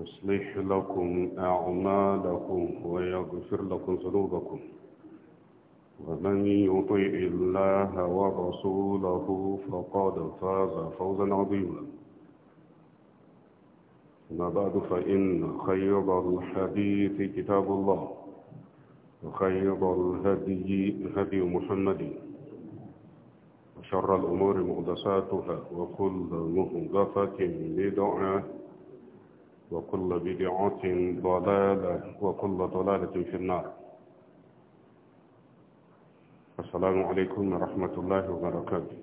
يصلح لكم أعمالكم ويغفر لكم ذنوبكم ومن يطيع الله ورسوله فقد فاز فوزا عظيما أما بعد فإن خير الحديث كتاب الله وخير الهدي هدي محمد وشر الأمور مقدساتها وكل مهدفة بدعة وكل بدعة ضلالة وكل ضلالة في النار السلام عليكم ورحمة الله وبركاته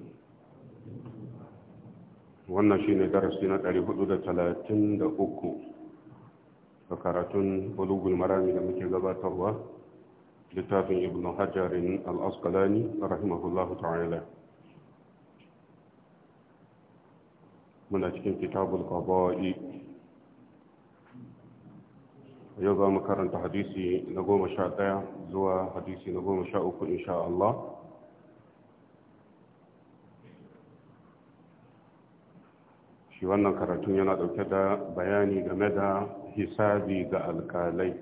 wannan shi ne darasi na 433 a karatun bulugul marami da muke gabatarwa littafin ibn hajjarin al'askalani rahimahullahu ta'ala muna cikin kitabul kabai يوجد مكرن حديثي نقوم شاء دايا زوى حديثي نقوم شاء أكل إن شاء الله في وانا كرتون ينا دو كدا بياني غمدا حسابي غا الكالي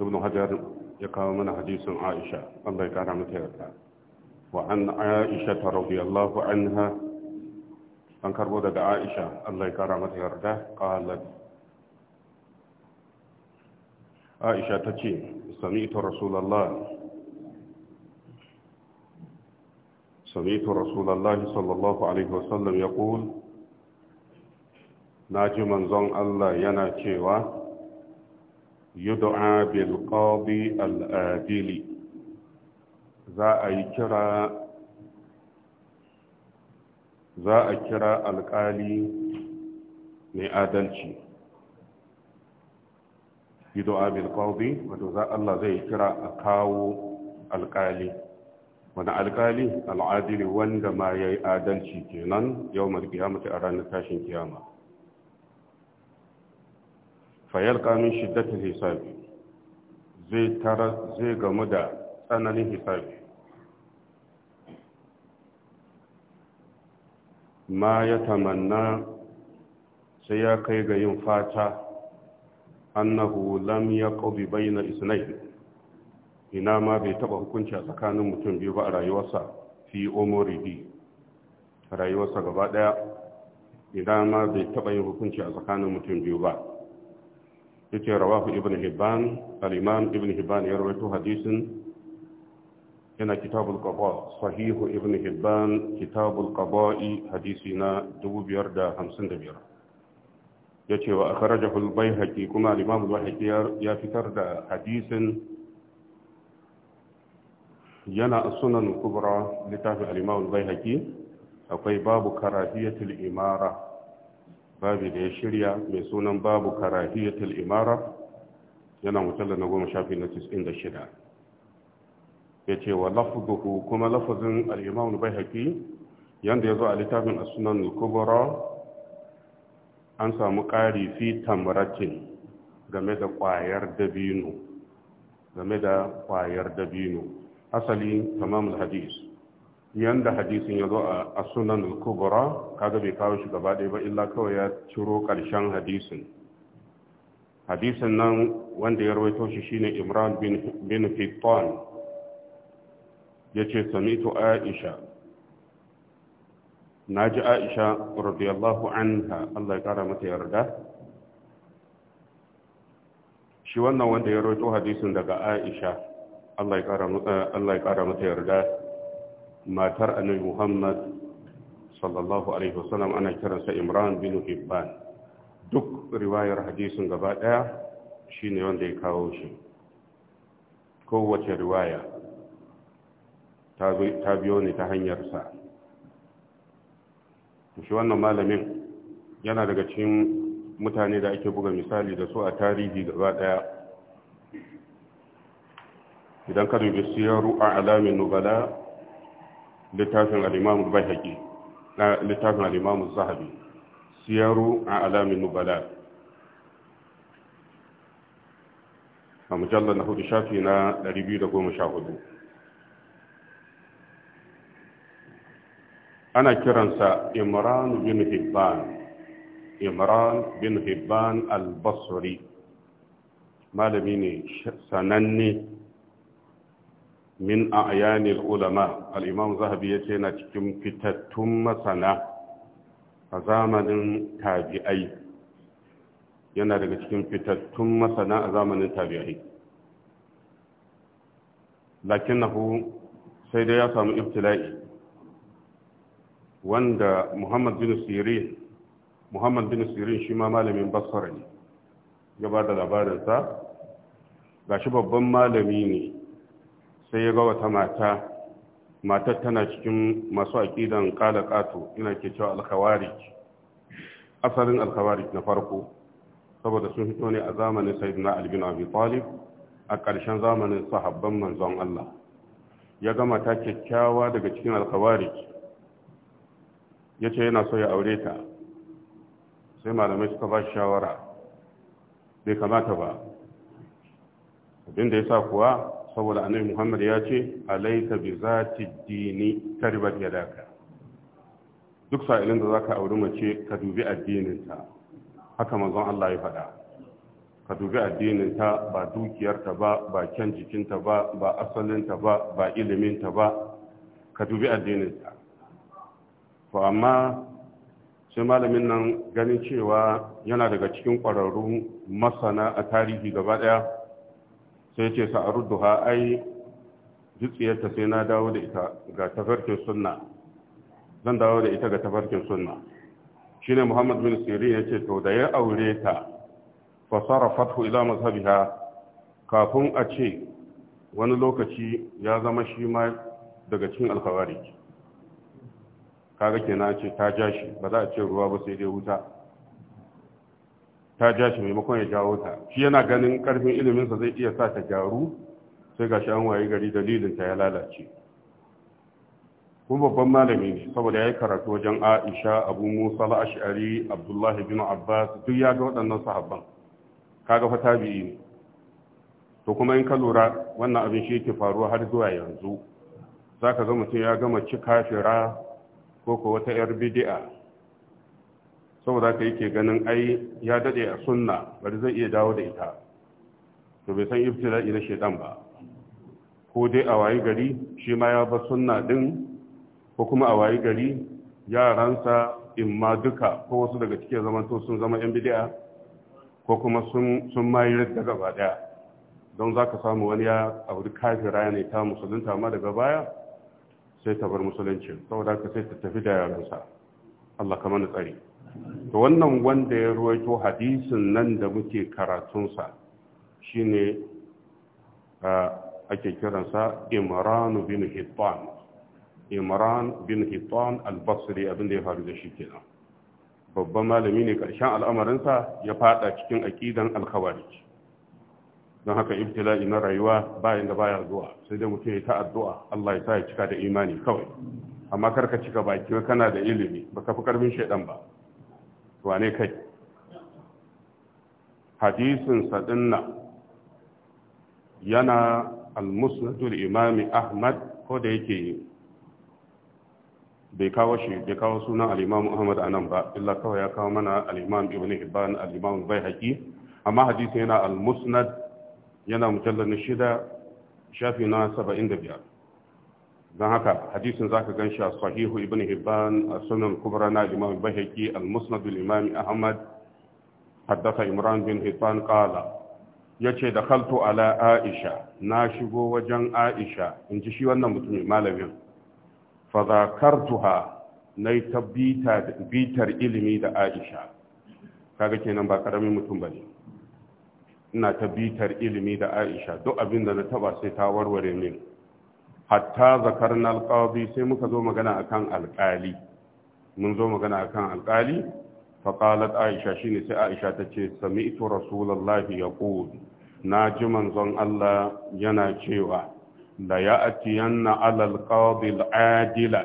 ابن حجر يقاوم من حديث عائشة الله يكرم تيرتا وعن عائشة رضي الله عنها an karbo daga aisha allah ya kara mata yarda qalat aisha ta ce sami'tu rasulullah سمعت رسول الله صلى الله عليه وسلم يقول ناجي منزون الله cewa yud'a bil qadi al adili za a yi kira za a kira alkali mai adalci ido abin kawbi wato za Allah zai kira a kawo alkali wani alkali al'adili wanda ma ya yi adalci kenan yau malkiyamata a ranar tashin kiyama fayar kamin shiddatin hisabi zai gamu da tsananin hisabi ma ya tamanna sai ya kai ga yin fata annahu lam ya ƙobi bayyana isnai ina ma bai taɓa hukunci a tsakanin mutum biyu ba a rayuwarsa fi bi rayuwarsa gaba ɗaya ina ma bai taɓa yin hukunci a tsakanin mutum biyu ba yake rawahu ibn hibban al-imam ibn hibban ya rawaito hadisin yana kitabul qada sahihu ibn hibban kitabul qada'i hadisi na 2555 yace wa akhrajahu al-baihaqi kuma al-imam ya fitar da hadisin yana sunan kubra littafin al-imam al akwai babu karahiyatul imara babu da ya shirya mai sunan babu karahiyatul imara yana mutalla na goma shafi na 96 ya ce wa lafuzuhu kuma lafazin al'imamun bai haƙi yadda ya zo a littafin a sunan kubura an samu ƙari fi tamratin game da ƙwayar dabino game da ƙwayar dabino asali tamamul hadis yanda hadisin ya zo a sunan kubura kaga bai kawo shi gaba ɗaya ba illa kawai ya ciro ƙarshen hadisin hadisin nan wanda ya rawaito shi shine imran bin fiton ya ce samitu aisha na ji aisha radiyallahu anha Allah ya kara mata yarda shi wannan wanda ya roto hadisin daga aisha Allah ya kara eh, mata yarda matar annabi muhammad sallallahu alaihi wasallam ana kiransa imran bin hibban duk riwayar hadisin gaba daya shine wanda ya kawo shi kowace riwaya ta biyo ne ta hanyarsa shi wannan malamin yana daga cikin mutane da ake buga misali da su a tarihi gaba daya idan ka dubi siyaru a alamin nubala littafin alimamu bai haƙi na littafin alimamu zahabi siyaru a alamin nubala a mujallar na hudu shafi na 214 ana kiransa imran bin hibban imran bin hibban al-basri malami ne sananne min a'yanil ulama al-imam zahabi yace yana cikin fitattun masana a zamanin tabi'ai yana daga cikin fitattun masana a zamanin tabi'ai lakinnahu sai dai ya samu ibtila'i wanda muhammad bin sirin muhammad bin sirin shi ma malamin basra ne ya ba da labarinsa ga shi babban malami ne sai ya ga wata mata matar tana cikin masu aƙidan ƙala ƙato ina ke cewa asalin alkawarij na farko saboda sun fito ne a zamanin sayyidina albin abi talib a ƙarshen zamanin sahabban manzon Allah ya gama ta kyakkyawa daga cikin alkawarik ya ce yana so ya aure ta sai malamai suka ba shi shawara bai kamata ba da ya sa kuwa saboda annabi muhammad ya ce alaita bi zati dini ya yadaka duk sa'ilin da ka auri mace ka dubi addininta haka manzon Allah ya faɗa ka dubi addininta ba dukiyarta ba ba kyan jikinta ba ba asalinta ba ba iliminta ba ka dubi addininta to amma sai malamin nan ganin cewa yana daga cikin ƙwararrun masana a tarihi gaba ɗaya sai ce sa'arudduha ai jitsiyarta sai na dawo da ita ga tafarkin sunna zan dawo da ita ga tafarkin sunna ne muhammad bin Sirri ya ce to da ya aure ta fasara fathu ila mazhabiha kafin a ce wani lokaci ya zama shi ma daga cikin alkhawarij kaga kenan ce ta ja ba za a ce ruwa ba sai dai wuta ta ja shi maimakon ya jawo ta shi yana ganin karfin iliminsa zai iya sa ta gyaru sai ga shi an waye gari dalilin ta ya lalace kun babban malami ne saboda ya yi karatu wajen aisha abu musa ashari abdullahi bin abbas duk ya ga waɗannan sahabban kaga fa tabi'i ne to kuma in ka lura wannan abin shi yake faruwa har zuwa yanzu zaka ga mutum ya gama ci kafira ko ko wata yar bid'a saboda ka yake ganin ai ya dade a sunna bari zai iya dawo da ita to bai san iftila na shaitan ba ko dai a wayi gari shi ma ya bar sunna din ko kuma a wayi gari yaransa ma duka ko wasu daga cikin to sun zama yan bid'a ko kuma sun sun mayi radda gaba daya don zaka samu wani ya auri kafira ne ta musulunta ma daga baya sai ta bar musulunci saboda ka sai ta tafi da yaransa Allah ka mana tsari to wannan wanda ya ruwaito hadisin nan da muke karatunsa shine ake kiransa Imran bin Hittan Imran bin Hittan al-Basri abin da ya faru da shi kenan babban malami ne ƙarshen al'amarinsa ya fada cikin aƙidan al-Khawarij don haka ibtila'i na rayuwa bayan da baya zuwa sai dai mutum ya ta addu'a Allah ya sa ya cika da imani kawai amma kar ka cika baki kana da ilimi ba ka fi karfin shaidan ba wane kai hadisin sadinna yana al-musnadul imam ahmad ko da yake bai kawo shi bai kawo sunan al-imam ahmad anan ba illa kawai ya kawo mana al-imam ibn hibban al-imam bayhaqi amma hadisin yana al-musnad yana mujallar na shida shafi na saba'in da biyar don haka hadisin za ka ganshi a sahihu ibn hibban a sunan kubra na imam bahaki al-musnad imam ahmad haddasa imran bin hibban qala ce da kaltu ala aisha na shigo wajen aisha in ji shi wannan mutumin malamin fa na yi ta bitar ilimi da aisha kaga kenan ba karamin mutum ba ne. ina ta bitar ilimi da aisha duk abin da na taba sai ta warware min hatta zakarna alqadi sai muka zo magana akan alqali mun zo magana akan alqali fa qalat aisha shine sai aisha ta tace sami'tu rasulullahi yaqul ji manzon Allah yana cewa la yanna ala alqadi aladila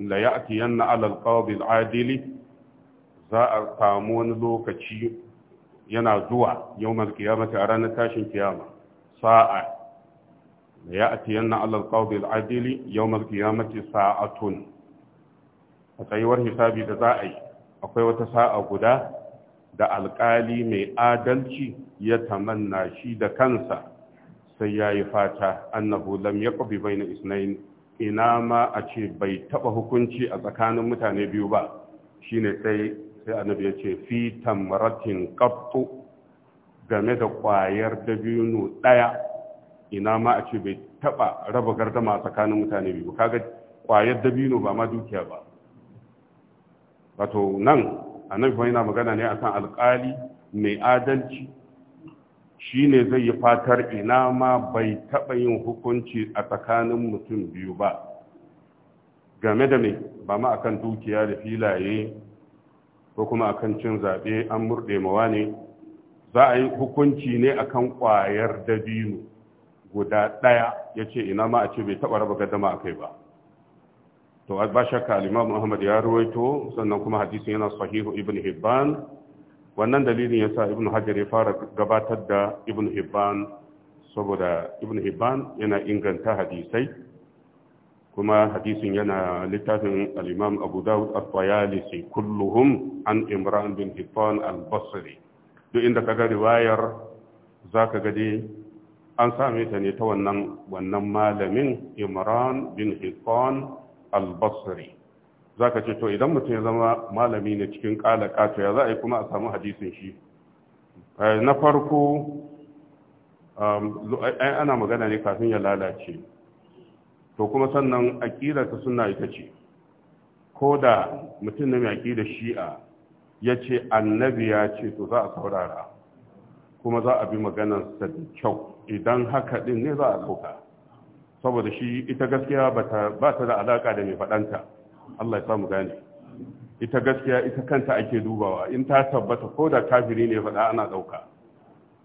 la yanna ala aladili za a samu wani lokaci yana zuwa yau mal kiyamata a ranar tashin kiyama sa'a da ya ati yanna alal qawdi al adili mal qiyamati sa'atun a tsayuwar hisabi da za a yi akwai wata sa'a guda da alkali mai adalci ya tamanna shi da kansa sai ya yi fata annahu lam yaqbi baina isnayn ina ma a ce bai taba hukunci a tsakanin mutane biyu ba shine sai sai annabi ya ce fi tamratin qattu game da kwayar dabino daya ina ma a ce bai taba raba gardama tsakanin mutane biyu kaga kwayar dabino ba ma dukiya ba wato nan annabi fa yana magana ne akan alkali mai adalci shi ne zai yi fatar ina ma bai taba yin hukunci a tsakanin mutum biyu ba game da mai ba ma akan dukiya da filaye ko kuma a kan cin zaɓe an murɗe mawa ne za a yi hukunci ne a kan ƙwayar dabino guda ɗaya ya ce ina ma a ce bai taɓa raba gadama a kai ba to ba shakka alimamu ahmad ya ruwaito sannan kuma hadisin yana sahihu ibn hibban wannan dalilin ya sa ibn hajar ya fara gabatar da ibn hibban saboda ibn hibban yana inganta hadisai kuma hadisin yana littafin al-imam abu dawud at-tayalisi kulluhum an imran bin hittan al-basri duk inda kaga riwayar zaka ga dai an same ta ne ta wannan wannan malamin imran bin hittan al-basri zaka ce to idan mutum ya zama malami ne cikin kala kato ya za a yi kuma a samu hadisin shi eh, na farko um, ana magana ne kafin ya lalace to kuma sannan aƙidar ta suna ita ce ko da mutum na mai aƙidar shi'a ya ce annabi ya ce to za a saurara kuma za a bi sa da kyau idan haka din ne za a sauka. saboda shi ita gaskiya ba ta da alaƙa da mai faɗanta Allah ya samu gane ita gaskiya ita kanta ake dubawa in ta tabbata ko da kafiri ne faɗa ana ɗauka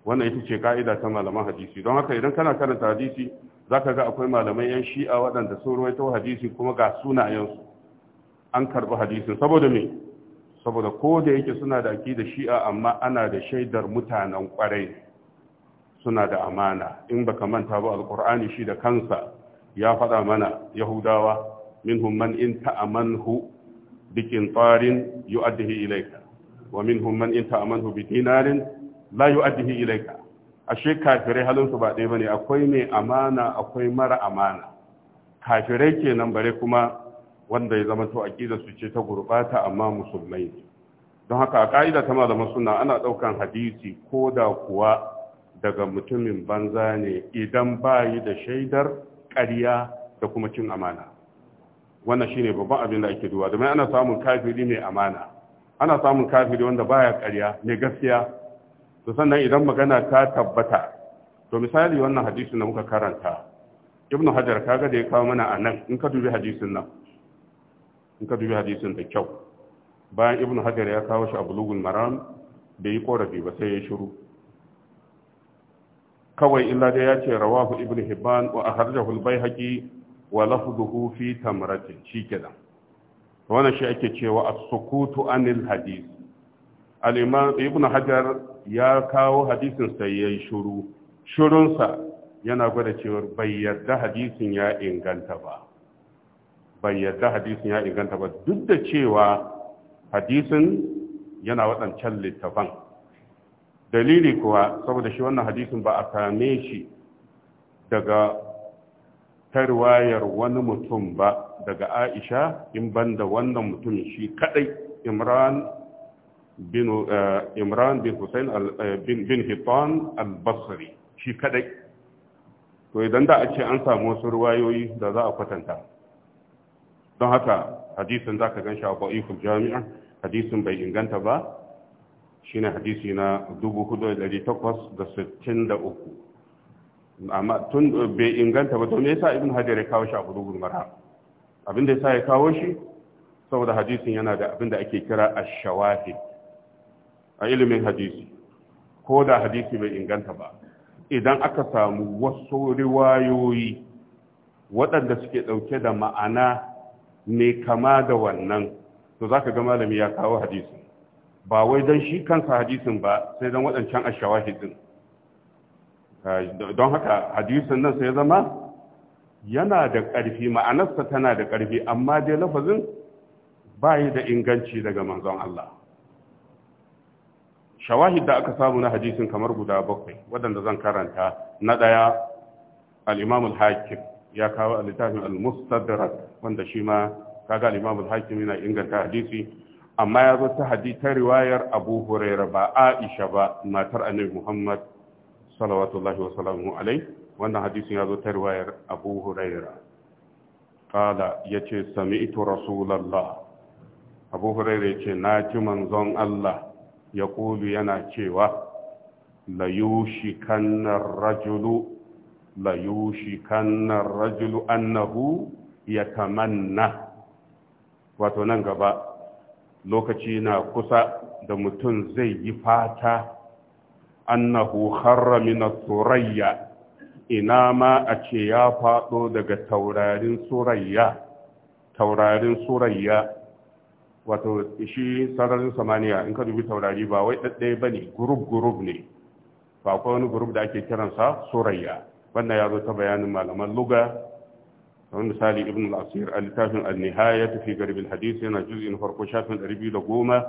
wannan ita ce ka'ida ta malaman hadisi don haka idan kana karanta hadisi za ka ga akwai malamai yan shi'a waɗanda sun ruwaito hadisi kuma ga sunayensu an karɓi hadisin saboda me saboda ko da yake suna da aki da shi'a amma ana da shaidar mutanen kwarai suna da amana in baka manta ba alqur'ani shi da kansa ya faɗa mana yahudawa minhum man in ta'amanhu qintarin yu'addihi ilayka wa minhum man in ta'amanhu dinarin la yu'addihi ilayka ashe kafirai halinsu ba ɗaya bane akwai mai amana akwai mara amana kafirai kenan bare kuma wanda ya zama to aqida su ce ta gurbata amma musulmai don haka a ka'ida ta malama suna ana daukan hadisi ko da kuwa daga mutumin banza ne idan ba bayi da shaidar ƙarya da kuma cin amana wannan shine babban abin da ake duwa domin ana samun kafiri mai amana ana samun kafiri wanda baya ƙarya mai gaskiya to sannan idan magana ta tabbata to misali wannan hadisin da muka karanta ibnu hajar kaga da ya kawo mana a nan in ka dubi hadisin nan in ka dubi hadisin da kyau bayan ibnu hajar ya kawo shi a bulugul maram bai yi korafi ba sai ya shiru kawai illa dai ya ce rawahu ibnu hibban wa akhrajahu al-baihaqi wa lafdhuhu fi tamratin shikenan wannan shi ake cewa as-sukutu anil hadith al-imam ibnu hajar ya kawo hadisin sai ya yi shuru shurunsa yana gwada cewar bai yarda hadisin ya inganta ba bai yarda hadisin ya inganta ba duk da cewa hadisin yana waɗancan littafan dalili kuwa saboda shi wannan hadisin ba a same shi daga tarwayar wani mutum ba daga aisha in banda wannan mutum shi kadai imran bin imran bin hussein bin hittan al-basri shi kadai to idan da a ce an samu wasu ruwayoyi da za a kwatanta don haka hadisin za ka gan shi a ba'ikul jami'a hadisin bai inganta ba Shi ne hadisi na 4863 amma tun bai inganta ba to me yasa ibn hajar ya kawo shi a gudugul marha abin da yasa ya kawo shi saboda hadisin yana da abin da ake kira a shawahid a ilimin hadisi ko da hadisi bai inganta ba idan aka samu wasu riwayoyi waɗanda suke ɗauke da ma'ana mai kama da wannan to za ka ga malami ya kawo hadisi. ba wai don shi kansa hadisin ba sai don waɗancan a shawahidin don haka hadisin nan sai zama yana da ƙarfi ma'anarsa tana da ƙarfi amma dai lafazin ba yi da inganci daga manzon Allah shawahid da aka samu na hadisin kamar guda bakwai waɗanda zan karanta na ɗaya al al-hakim ya kawo littafin al-mustadrak wanda shi ma kaga al-imam al-hakim yana inganta hadisi amma ya zo ta hadita riwayar abu huraira ba aisha ba matar annabi muhammad salawatullahi wa salamu alai wannan hadisin ya zo ta riwayar abu huraira kala ya ce sami'tu rasulallah abu huraira ya ce na ji manzon allah ya kulu yana cewa kannan rajulu kannan rajulu annahu ya tamanna wato nan gaba lokaci na kusa da mutum zai yi fata annahu harra min surayya ina ma a ce ya faɗo daga taurarin surayya taurarin surayya wato shi sararin samaniya in ka dubi taurari ba wai ɗaɗɗaya ba ne gurub gurub ne ba akwai wani gurub da ake kiransa surayya wannan ya zo ta bayanin malaman luga kamar misali ibn al-asir a littafin al-nihaya fi garibin hadisi yana na farko shafin ɗari biyu 210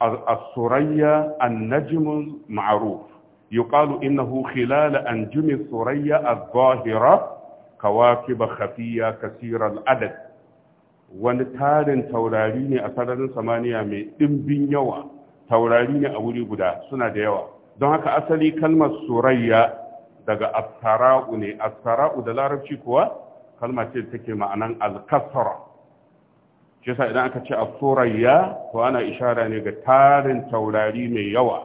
as-surayya an-najm ma'ruf yuqalu innahu khilal anjum as-surayya adh-dhahira kawakib khafiyya kaseera al-adad wani tarin taurari ne a sararin samaniya mai ɗimbin yawa taurari ne a wuri guda suna da yawa don haka asali kalmar surayya daga astara'u ne astara'u da larabci kuwa kalma ce take ma'anan alkasara shi yasa idan aka ce asurayya to ana ishara ne ga tarin taurari mai yawa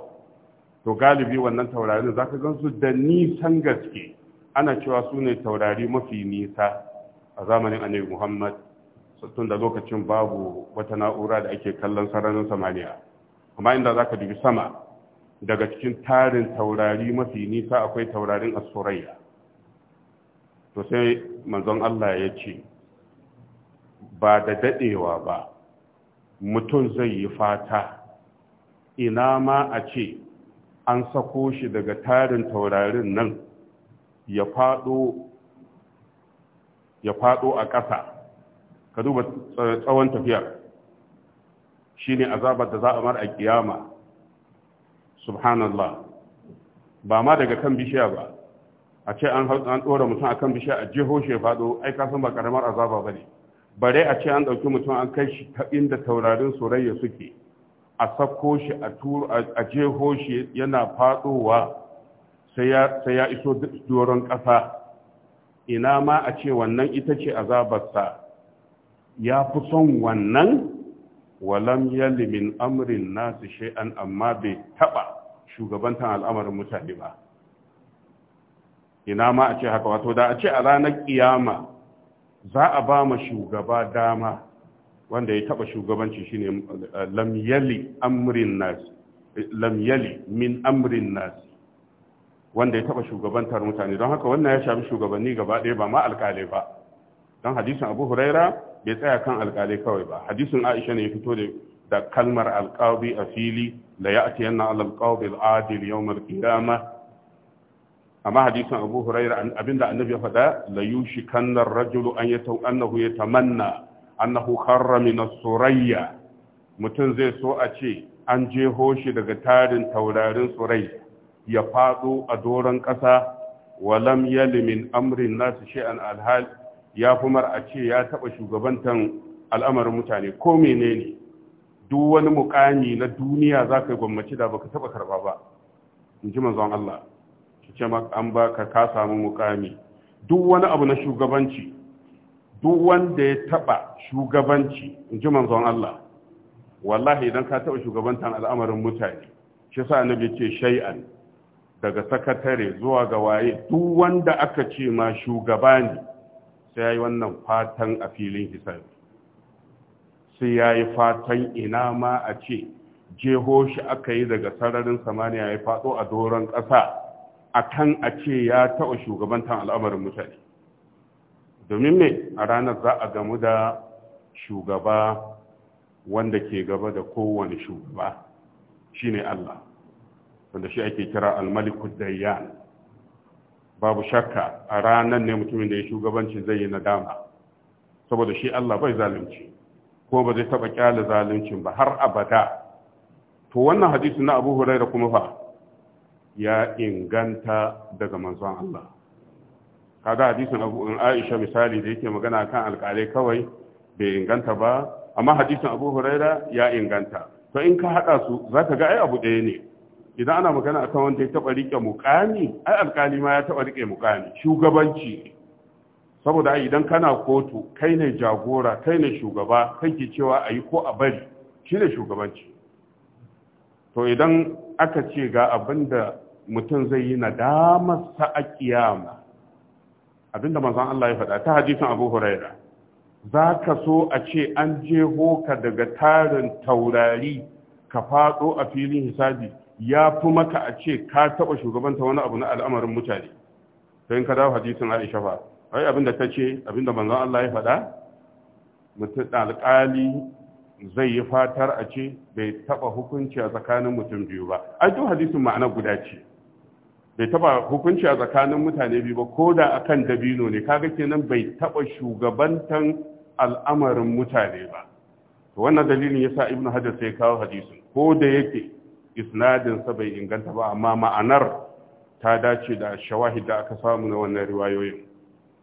to galibi wannan taurarin zaka su da nisan gaske ana cewa su ne taurari mafi nisa a zamanin annabi muhammad tun da lokacin babu wata na'ura da ake kallon sararin samaniya amma inda za ka dubi sama daga cikin tarin taurari mafi nisa akwai taurarin asuraiya to sai manzon Allah ya ce ba da dadewa ba mutum zai yi fata ina ma a ce an sako shi daga tarin taurarin nan ya fado a ƙasa ka duba eh, tsawon tafiyar ne azabar da za a mara a kiyama subhanallah ba ma daga kan bishiya ba a ce an ɗora mutum a kan bishiya a jiho shi faɗo ai ka ba karamar azaba ba ne bare a ce an ɗauki mutum an kai shi ta inda taurarin soyayya suke a sako shi a a jeho shi yana faɗowa sai ya iso doron ƙasa ina ma a ce wannan ita ce azabarsa ya fi son wannan walam yalli min amrin nasu shay'an amma bai taba shugabantan al'amarin mutane ba ina ma a ce haka wato da a ce a ranar kiyama za a ba ma shugaba dama wanda ya taba shugabanci shine eh, lam lamyali amrin lam min amrin nasu wanda ya taba shugabantar mutane don haka wannan ya shafi shugabanni gaba ɗaya ba ma alƙalai ba don hadisin Abu Huraira bai tsaya kan alƙalai kawai ba hadisin aisha ne ya fito da kalmar alƙabi a fili da ya ati yanna alƙabi al'adil yau malƙiyama amma hadisin abu huraira abinda annabi ya faɗa la yushi kannar rajulu an yata annahu ya tamanna annahu kharra na surayya mutum zai so a ce an ho shi daga tarin taurarin surai, ya faɗo a doron ƙasa walam yali min amrin nasu shi'an alhali. ya fi a ce ya taɓa shugabantan al'amarin mutane ko menene duk wani mukami na duniya za ka yi gwammaci da baka taɓa karɓa ba in ji manzon Allah ki ce an ba ka ka samu mukami duk wani abu na shugabanci duk wanda ya taɓa shugabanci in ji manzon Allah wallahi idan ka taɓa shugabantan al'amarin mutane shi sa annabi ce shay'an daga sakatare zuwa ga waye duk wanda aka ce ma shugaba ne sai ya yi wannan fatan a filin hisabi sai ya yi fatan ina ma a ce jeho shi aka yi daga sararin samaniya ya fatso a doron ƙasa a kan a ce ya taɓa shugabantan al'amarin mutane domin mai a ranar za a gamu da shugaba wanda ke gaba da kowane shugaba shine Allah wanda shi ake kira al-malikud dayyan babu shakka a ranar ne mutumin da ya shugabanci zai yi nadama saboda shi Allah bai zalunci ko ba zai taba kyale zaluncin ba har abada to wannan hadisi na Abu Hurairah kuma fa ya inganta daga manzon Allah kaga hadisin Abu Aisha misali da yake magana kan alƙalai kawai bai inganta ba amma hadisin Abu Hurairah ya inganta to in ka hada su zaka ga ai abu ɗaya ne idan ana magana akan wanda ya taba rike mukami ai alkali ma ya taba rike mukami shugabanci saboda idan kana kotu kai ne jagora kai ne shugaba kai ke cewa ayi ko a bari shi ne shugabanci to idan aka ce ga abinda mutum zai yi nadamar sa a kiyama abinda manzon Allah ya faɗa ta hadisin Abu Huraira za ka so a ce an jeho ka daga tarin taurari ka faɗo a filin hisabi ya fi maka a ce ka taba shugabanta wani abu na al'amarin mutane sai ka dawo hadisin Aisha fa ai da ta ce da manzon Allah ya faɗa mutum alƙali zai yi fatar a ce bai taba hukunci a tsakanin mutum biyu ba ai duk hadisin ma'ana guda ce bai taba hukunci a tsakanin mutane biyu ba ko da akan dabino ne kaga kenan bai taba shugabantan al'amarin mutane ba wannan dalilin yasa ibnu hajar sai kawo hadisin ko da yake isnadin bai inganta ba amma ma'anar ta dace da shawahid da aka samu na wannan riwayoyin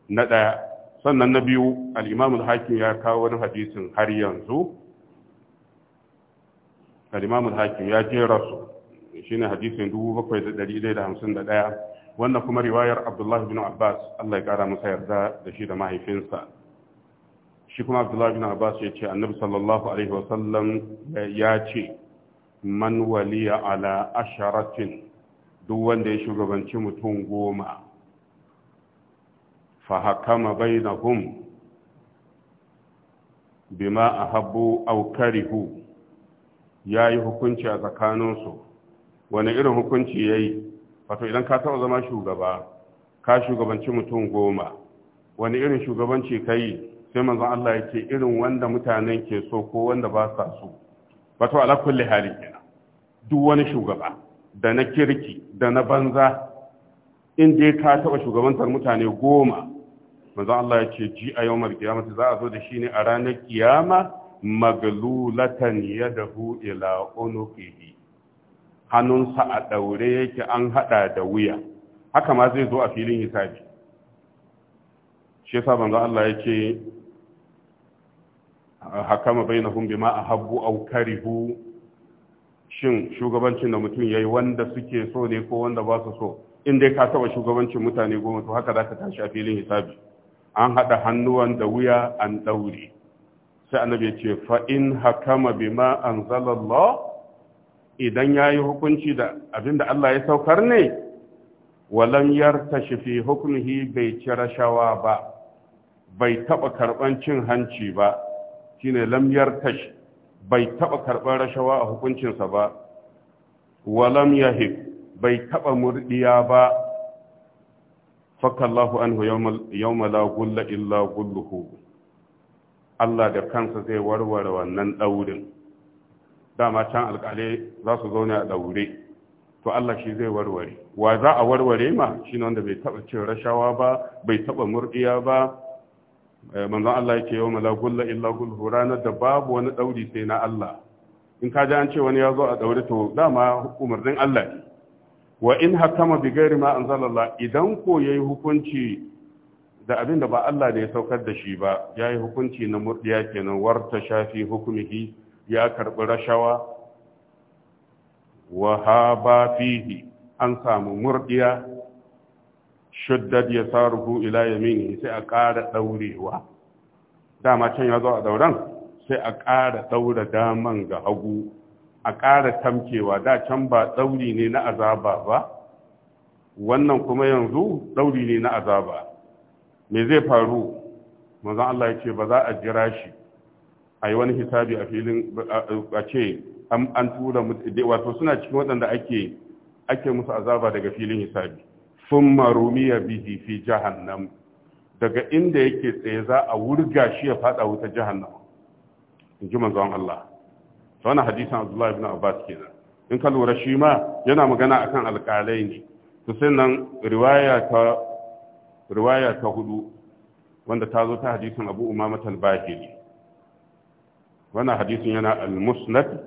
na daya sannan na biyu al-Imam al-Hakim ya kawo wani hadisin har yanzu al-Imam al-Hakim ya jera su shine hadisin 7151 wannan kuma riwayar Abdullah ibn Abbas Allah ya kara masa yarda da shi da mahaifinsa shi kuma Abdullah ibn Abbas ya ce Annabi sallallahu alaihi wasallam ya ce man waliya ala asharatin duk wanda ya shugabanci mutum goma fa hakama bainahum bima ahabbu aw karihu yayi hukunci a tsakaninsu wani irin hukunci yayi wato idan ka taɓa zama shugaba ka shugabanci mutum goma wani irin shugabanci kai sai manzon Allah yake irin wanda mutanen ke so ko wanda ba sa so wato alakulli hali duk wani shugaba da na kirki da na banza in dai ka taba shugabantar mutane goma manzo Allah ya ce ji a yawmar kiyamati za a zo da shi ne a ranar kiyama maglulatan yadahu ila unuqihi hannunsa a daure yake an haɗa da wuya haka ma zai zo a filin hisabi shi yasa manzo Allah ya ce hakama bainahum bima ahabbu aw karihu shin shugabancin da mutum ya yi wanda suke so ne ko wanda ba su so in dai ka taba shugabancin mutane goma to haka za ka tashi a filin hisabi an haɗa hannuwan da wuya an ɗaure sai annabi ya ce fa in hakama bima anzalallah idan ya yi hukunci da abin da Allah ya saukar ne walam yartashi fi hukunhi bai ci rashawa ba bai taɓa karɓan cin hanci ba shine lam shi. bai taɓa karɓar rashawa a hukuncinsa ba walam yahib bai taɓa murdiya ba fakallahu anhu yawma la gulla illa gulluhu Allah da kansa zai warware wannan ɗaurin. dama can alƙalai za su zaune a ɗaure. to Allah shi zai warware wa za a warware ma shine wanda bai taɓa cin rashawa ba bai taɓa murdiya ba Eh, manzon Allah yake yau mala gulla illa gulhu ranar da babu wani dauri sai na Allah in ka ji an ce wani ya zo a daure to dama umarnin Allah ne wa in hakama bi gairi ma anzalallah idan ko yayi hukunci da abin da ba Allah ne ya saukar da shi ba yayi hukunci na murdiya kenan warta shafi hukumihi ya karɓi rashawa wa haba fihi an samu murdiya shuddad ya saruhu ila yamini sai a ƙara ɗaurewa dama can ya zo a dauran sai a ƙara ɗaura daman ga hagu a ƙara tamkewa da can ba ɗauri ne na azaba ba wannan kuma yanzu ɗauri ne na azaba me zai faru manzon Allah ya ce ba za a jira shi a yi wani hisabi a filin a ce an tura wato suna cikin waɗanda ake ake musu azaba daga filin hisabi sun marumiya bihi fi jahannam daga inda yake tsaye za a wurga shi ya fada wuta jahannam in ji manzon Allah ta wani hadisan Abdullahi ibn Abbas kenan in ka lura shi ma yana magana akan alƙalai ne to sannan riwaya ta riwaya ta hudu wanda ta zo ta hadisin Abu Umama al-Bahili wannan hadisin yana al-Musnad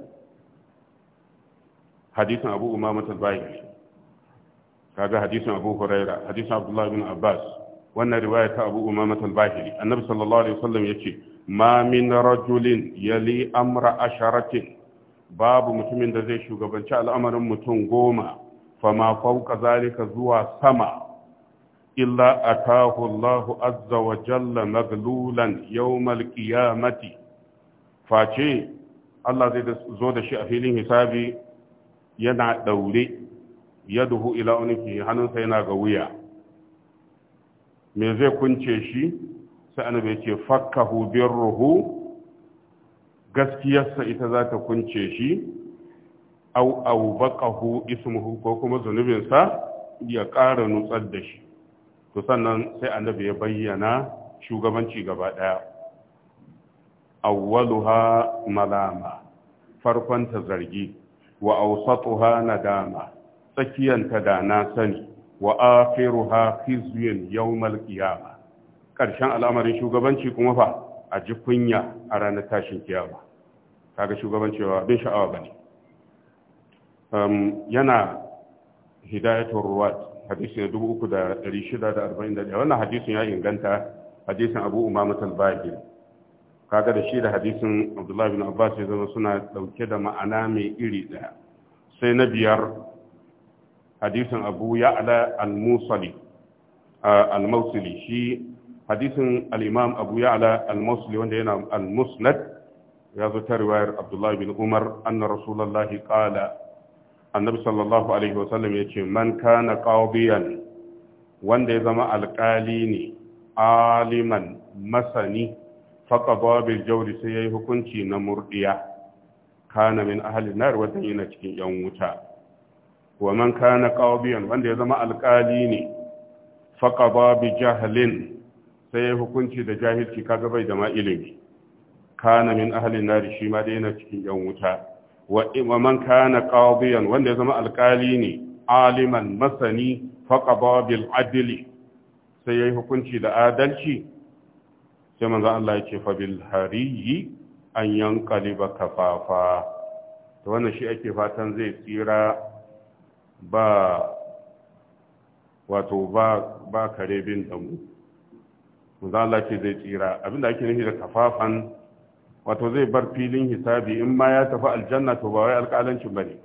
hadisin Abu Umama al-Bahili kaga hadisin Abu Huraira hadisin Abdullah bin Abbas wannan riwaya ta Abu Umama al-Bahili annabi sallallahu alaihi wasallam yace ma min rajulin yali amra asharatin babu mutumin da zai shugabanci al'amarin mutum goma fama fauka zalika zuwa sama illa atahu Allahu azza wa jalla maglulan yawmal qiyamati face Allah zai zo da shi a filin hisabi yana daure yaduhu ila uniki hannunsa yana ga wuya me zai kunce shi sai annabi ce fakkahu birruhu gaskiyarsa ita za ta kunce shi au au baqahu ismuhu ko kuma zunubinsa ya ƙara nutsar da shi to sannan sai annabi ya bayyana shugabanci gaba daya awwaluha malama farkon ta zargi wa awsatuha nadama tsakiyanta da na sani wa ha khizyun yawmal qiyamah karshen al'amarin shugabanci kuma fa a ji kunya a ranar tashin kiyama kaga shugabanci ba bin sha'awa bane um yana hidayatul ruwat hadisi na 3641 wannan hadisin ya inganta hadisin Abu Umama al kaga da shi da hadisin Abdullahi bin Abbas ya zama suna dauke da ma'ana mai iri daya sai na biyar hadisin abu ya'la al-musali al-mawsili shi hadisin al-imam abu ya Ala al-mawsili wanda yana al-musnad ya zo ta riwayar abdullahi bin umar anna rasulullahi qala annabi sallallahu alaihi wa wasallam yace man kana qadiyan wanda ya zama alƙali ne aliman masani faqada bil jawri sai yayi hukunci na murdiya kana min ahli nar wanda yana cikin yan wuta wa man kana qadiyan wanda ya zama alkali ne faqaba bi jahlin sai ya hukunci da jahilci kaga bai da ma ilimi kana min ahli nar shi ma da yana cikin yan wuta wa man kana qadiyan wanda ya zama alkali ne aliman masani faqaba bil sai ya hukunci da adalci sai manzo Allah ya ce fa bil hariyi kafafa wannan shi ake fatan zai tsira ba wato ba kare bin damu za Allah ke zai tsira abinda ake nufi da kafafan wato zai bar filin hisabi in ma ya tafi aljanna to ba wai alƙalancin bane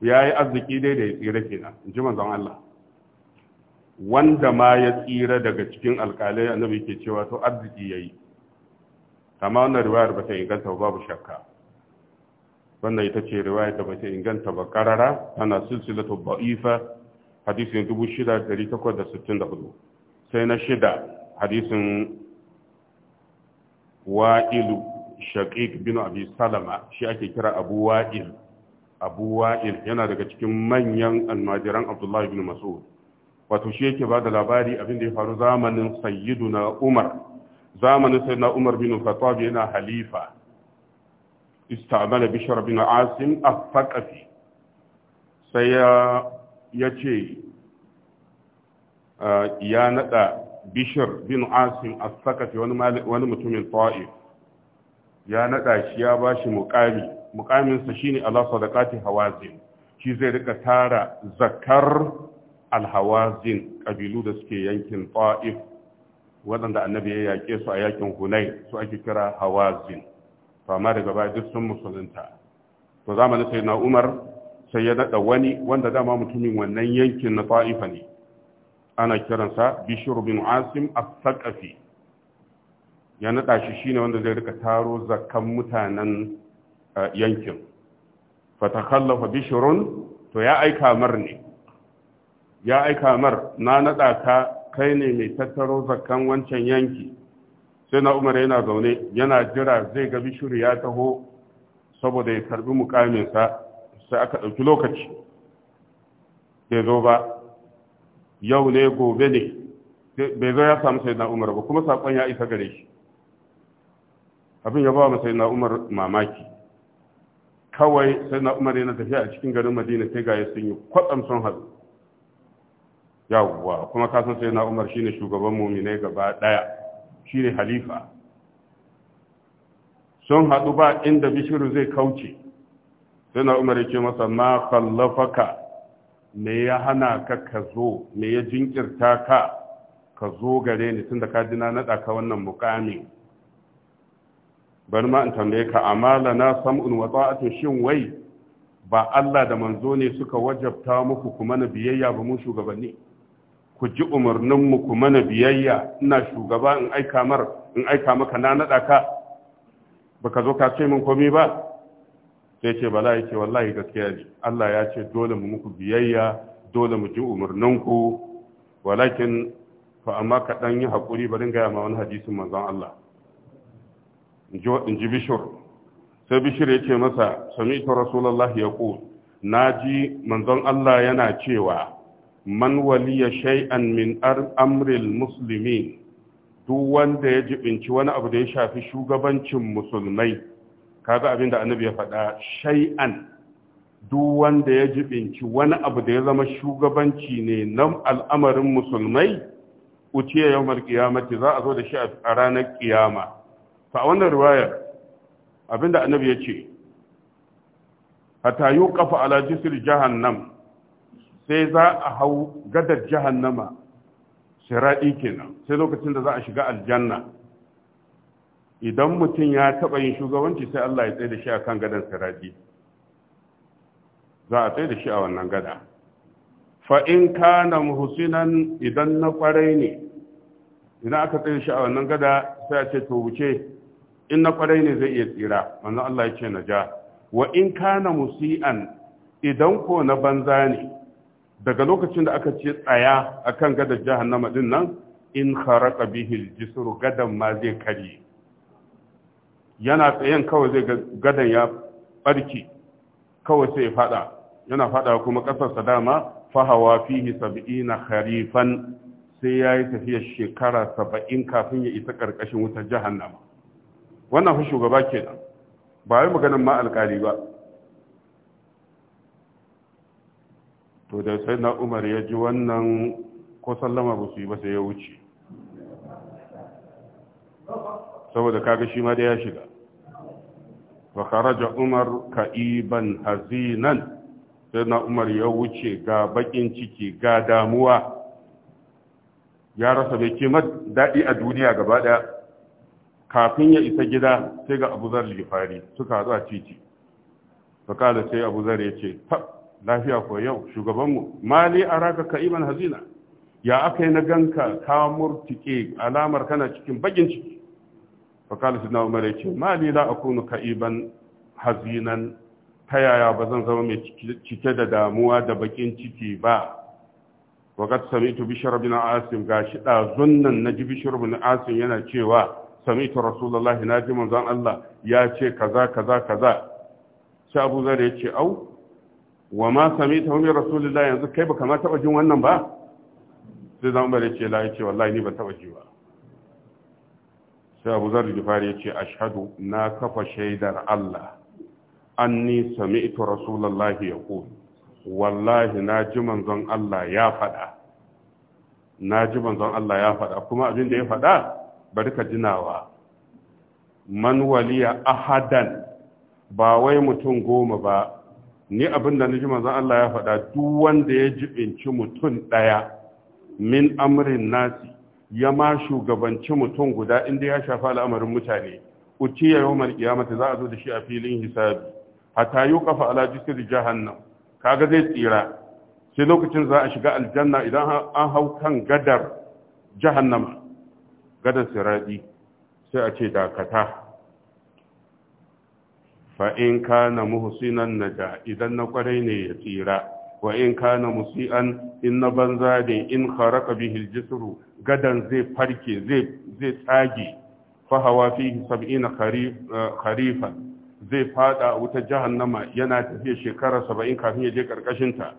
ya yi arziki dai da ya tsira kenan in ji manzon Allah wanda ma ya tsira daga cikin alƙalai annabi ke cewa to arziki yayi kama wannan riwayar ba ta inganta babu shakka wannan ita ce riwaya da bata inganta ba karara ana ta ba'ifa hadisin 6864 sai na shida hadisin wa'ilu shaqiq bin abi salama shi ake kira abu wa'il abu wa'il yana daga cikin manyan almajiran abdullahi bin mas'ud wato shi yake ba da labari abin da ya faru zamanin sayyiduna umar zamanin sayyiduna umar bin khattab yana halifa istazana bishar bin asim al-thaqafi sai ya ce ya naɗa bishar bin asim al-thaqafi wani mutumin ta'if ya nada shi ya ba bashi mukami mukaminsa shine da kati hawazin shi zai rika tara zakar alhawazin kabilu da suke yankin ta'if waɗanda annabi ya yaƙe su a yakin hunai su ake kira hawazin fama amma daga baya duk sun musulunta to zamanin sai na umar sai ya daɗa wani wanda dama mutumin wannan yankin na ta'ifa ne ana kiransa bishir bin asim as-saqafi ya naɗa shi shine wanda zai rika taro zakkan mutanen yankin fatakhallafa bishirun to ya aika mar ne ya aika mar na naɗa ka kai ne mai tattaro zakkan wancan yanki sai na umar yana zaune yana jira zai ga bishiru ya taho saboda ya karbi mukaminsa sai aka ɗauki lokaci bai zo ba yau ne gobe ne bai zo ya samu sai na umar ba kuma saƙon ya isa gare shi abin ya bawa wa sai na umar mamaki kawai sai na umar yana tafiya a cikin garin madina sai ga ya sun yi kwatsam sun hazu yawwa kuma kasan sai na umar shine shugaban ne gaba ɗaya ne halifa sun haɗu ba inda bishiru zai kauce suna umar ce masa ma kallafaka me ya hana ka ka zo me ya jinkirta ka ka zo gare ni tun da ka dina na naɗa ka wannan mukamin? bari ma in ka amala na sam'un wa a shin wai ba Allah da manzo ne suka wajabta muku kuma na biyayya ba mu shugabanni ku ji umarninmu ku mana biyayya ina shugaba in aika mar in aika maka na naɗa ka baka zo ka ce min komai ba sai ce bala ya ce wallahi gaskiya ne Allah ya ce dole mu muku biyayya dole mu ji umarninku walakin fa amma ka dan yi hakuri barin gaya ma wani hadisin manzon Allah in ji bishur sai bishir ya ce masa sami ta rasulullahi ya ku na manzon Allah yana cewa man waliya shay'an min amril muslimin duk wanda ya jibinci wani abu da ya shafi shugabancin musulmai kaga abin da annabi ya faɗa shay'an duk wanda ya jibinci wani abu da ya zama shugabanci ne nan al'amarin musulmai uciya yawmar kiyamati za a zo da shi a ranar kiyama fa wannan riwayar abin da annabi ya ce hatta yuqafa ala jisr jahannam sai za a hau gadar jahannama shira'i kenan sai lokacin da za a shiga aljanna idan mutum ya taɓa yin shugabanci sai Allah ya tsaye da shi a kan gadon siraji za a tsaye da shi a wannan gada fa'in ka na muhusinan idan na kwarai ne idan aka tsaye da shi a wannan gada sai a ce to wuce in na kwarai ne zai iya tsira wannan Allah ya ce na ja wa in ka na musi'an idan ko na banza ne daga lokacin da aka ce tsaya a kan gadar jahannama din nan in kharaqa bihi al gadan ma zai karye. yana tsayen kawai zai gadan ya barki kawai sai fada yana fada kuma kasarsa sadama fahawa fihi na kharifan sai ya yi tafiya shekara saba'in kafin ya isa karkashin wutar jahannama wannan fi shugaba kenan ba wai maganar ma alƙali ba to da sai na umar ya ji wannan ko sallama ba su yi ba sai ya wuce saboda kaga shi ma da ya shiga wa kharaja umar ka'iban hazinan sai na umar ya wuce ga bakin ciki ga damuwa ya rasa mai kima daɗi a duniya gaba ɗaya kafin ya isa gida sai ga abu zar lifari suka hatsa a titi kala sai abu zar ya ce tab lafiya ko yau shugabanmu mali araka iman hazina ya akai na ganka ka murtike alamar kana cikin bakin ciki fa kana sidna umar ce mali la akunu ka'iban hazinan ta yaya ba zan zama mai cike da damuwa da bakin ciki ba waqad sami'tu bishar bin asim Ga shi ɗazun nan ji bishar bin asim yana cewa sami'tu rasulullahi naji manzon Allah ya ce kaza kaza kaza sai abu zar au wa ma sami ta humi rasulullah yanzu kai ba kama taɓa jin wannan ba sai zan umar ya ce la ya ce wallahi ni ba taɓa ji ba sai abu zar gifari ya ce ashadu na kafa shaidar allah sami ita rasulullah ya qul wallahi na ji manzon allah ya faɗa na ji manzon allah ya faɗa kuma abin da ya faɗa bari ka jinawa man waliya ahadan ba wai mutum goma ba ni abin da niji manzon Allah ya faɗa duk wanda ya jibinci mutum ɗaya min amrin nasi ya ma shugabanci mutum guda inda ya shafa al'amarin mutane ya yawmal qiyamati za a zo da shi a filin hisabi hatta kafa ala jisri jahannam kaga zai tsira sai lokacin za a shiga aljanna idan an hau kan gadar jahannama gadar siradi sai a ce dakata fa in kana muhsinan naja idan na kwarai ne ya tsira wa in kana musian in na banza da in kharaqa bihi aljisru gadan zai farke zai zai tsage fa hawa fihi 70 eh, kharifa zai fada wuta jahannama yana tafiya shekara 70 kafin ya je karkashin ta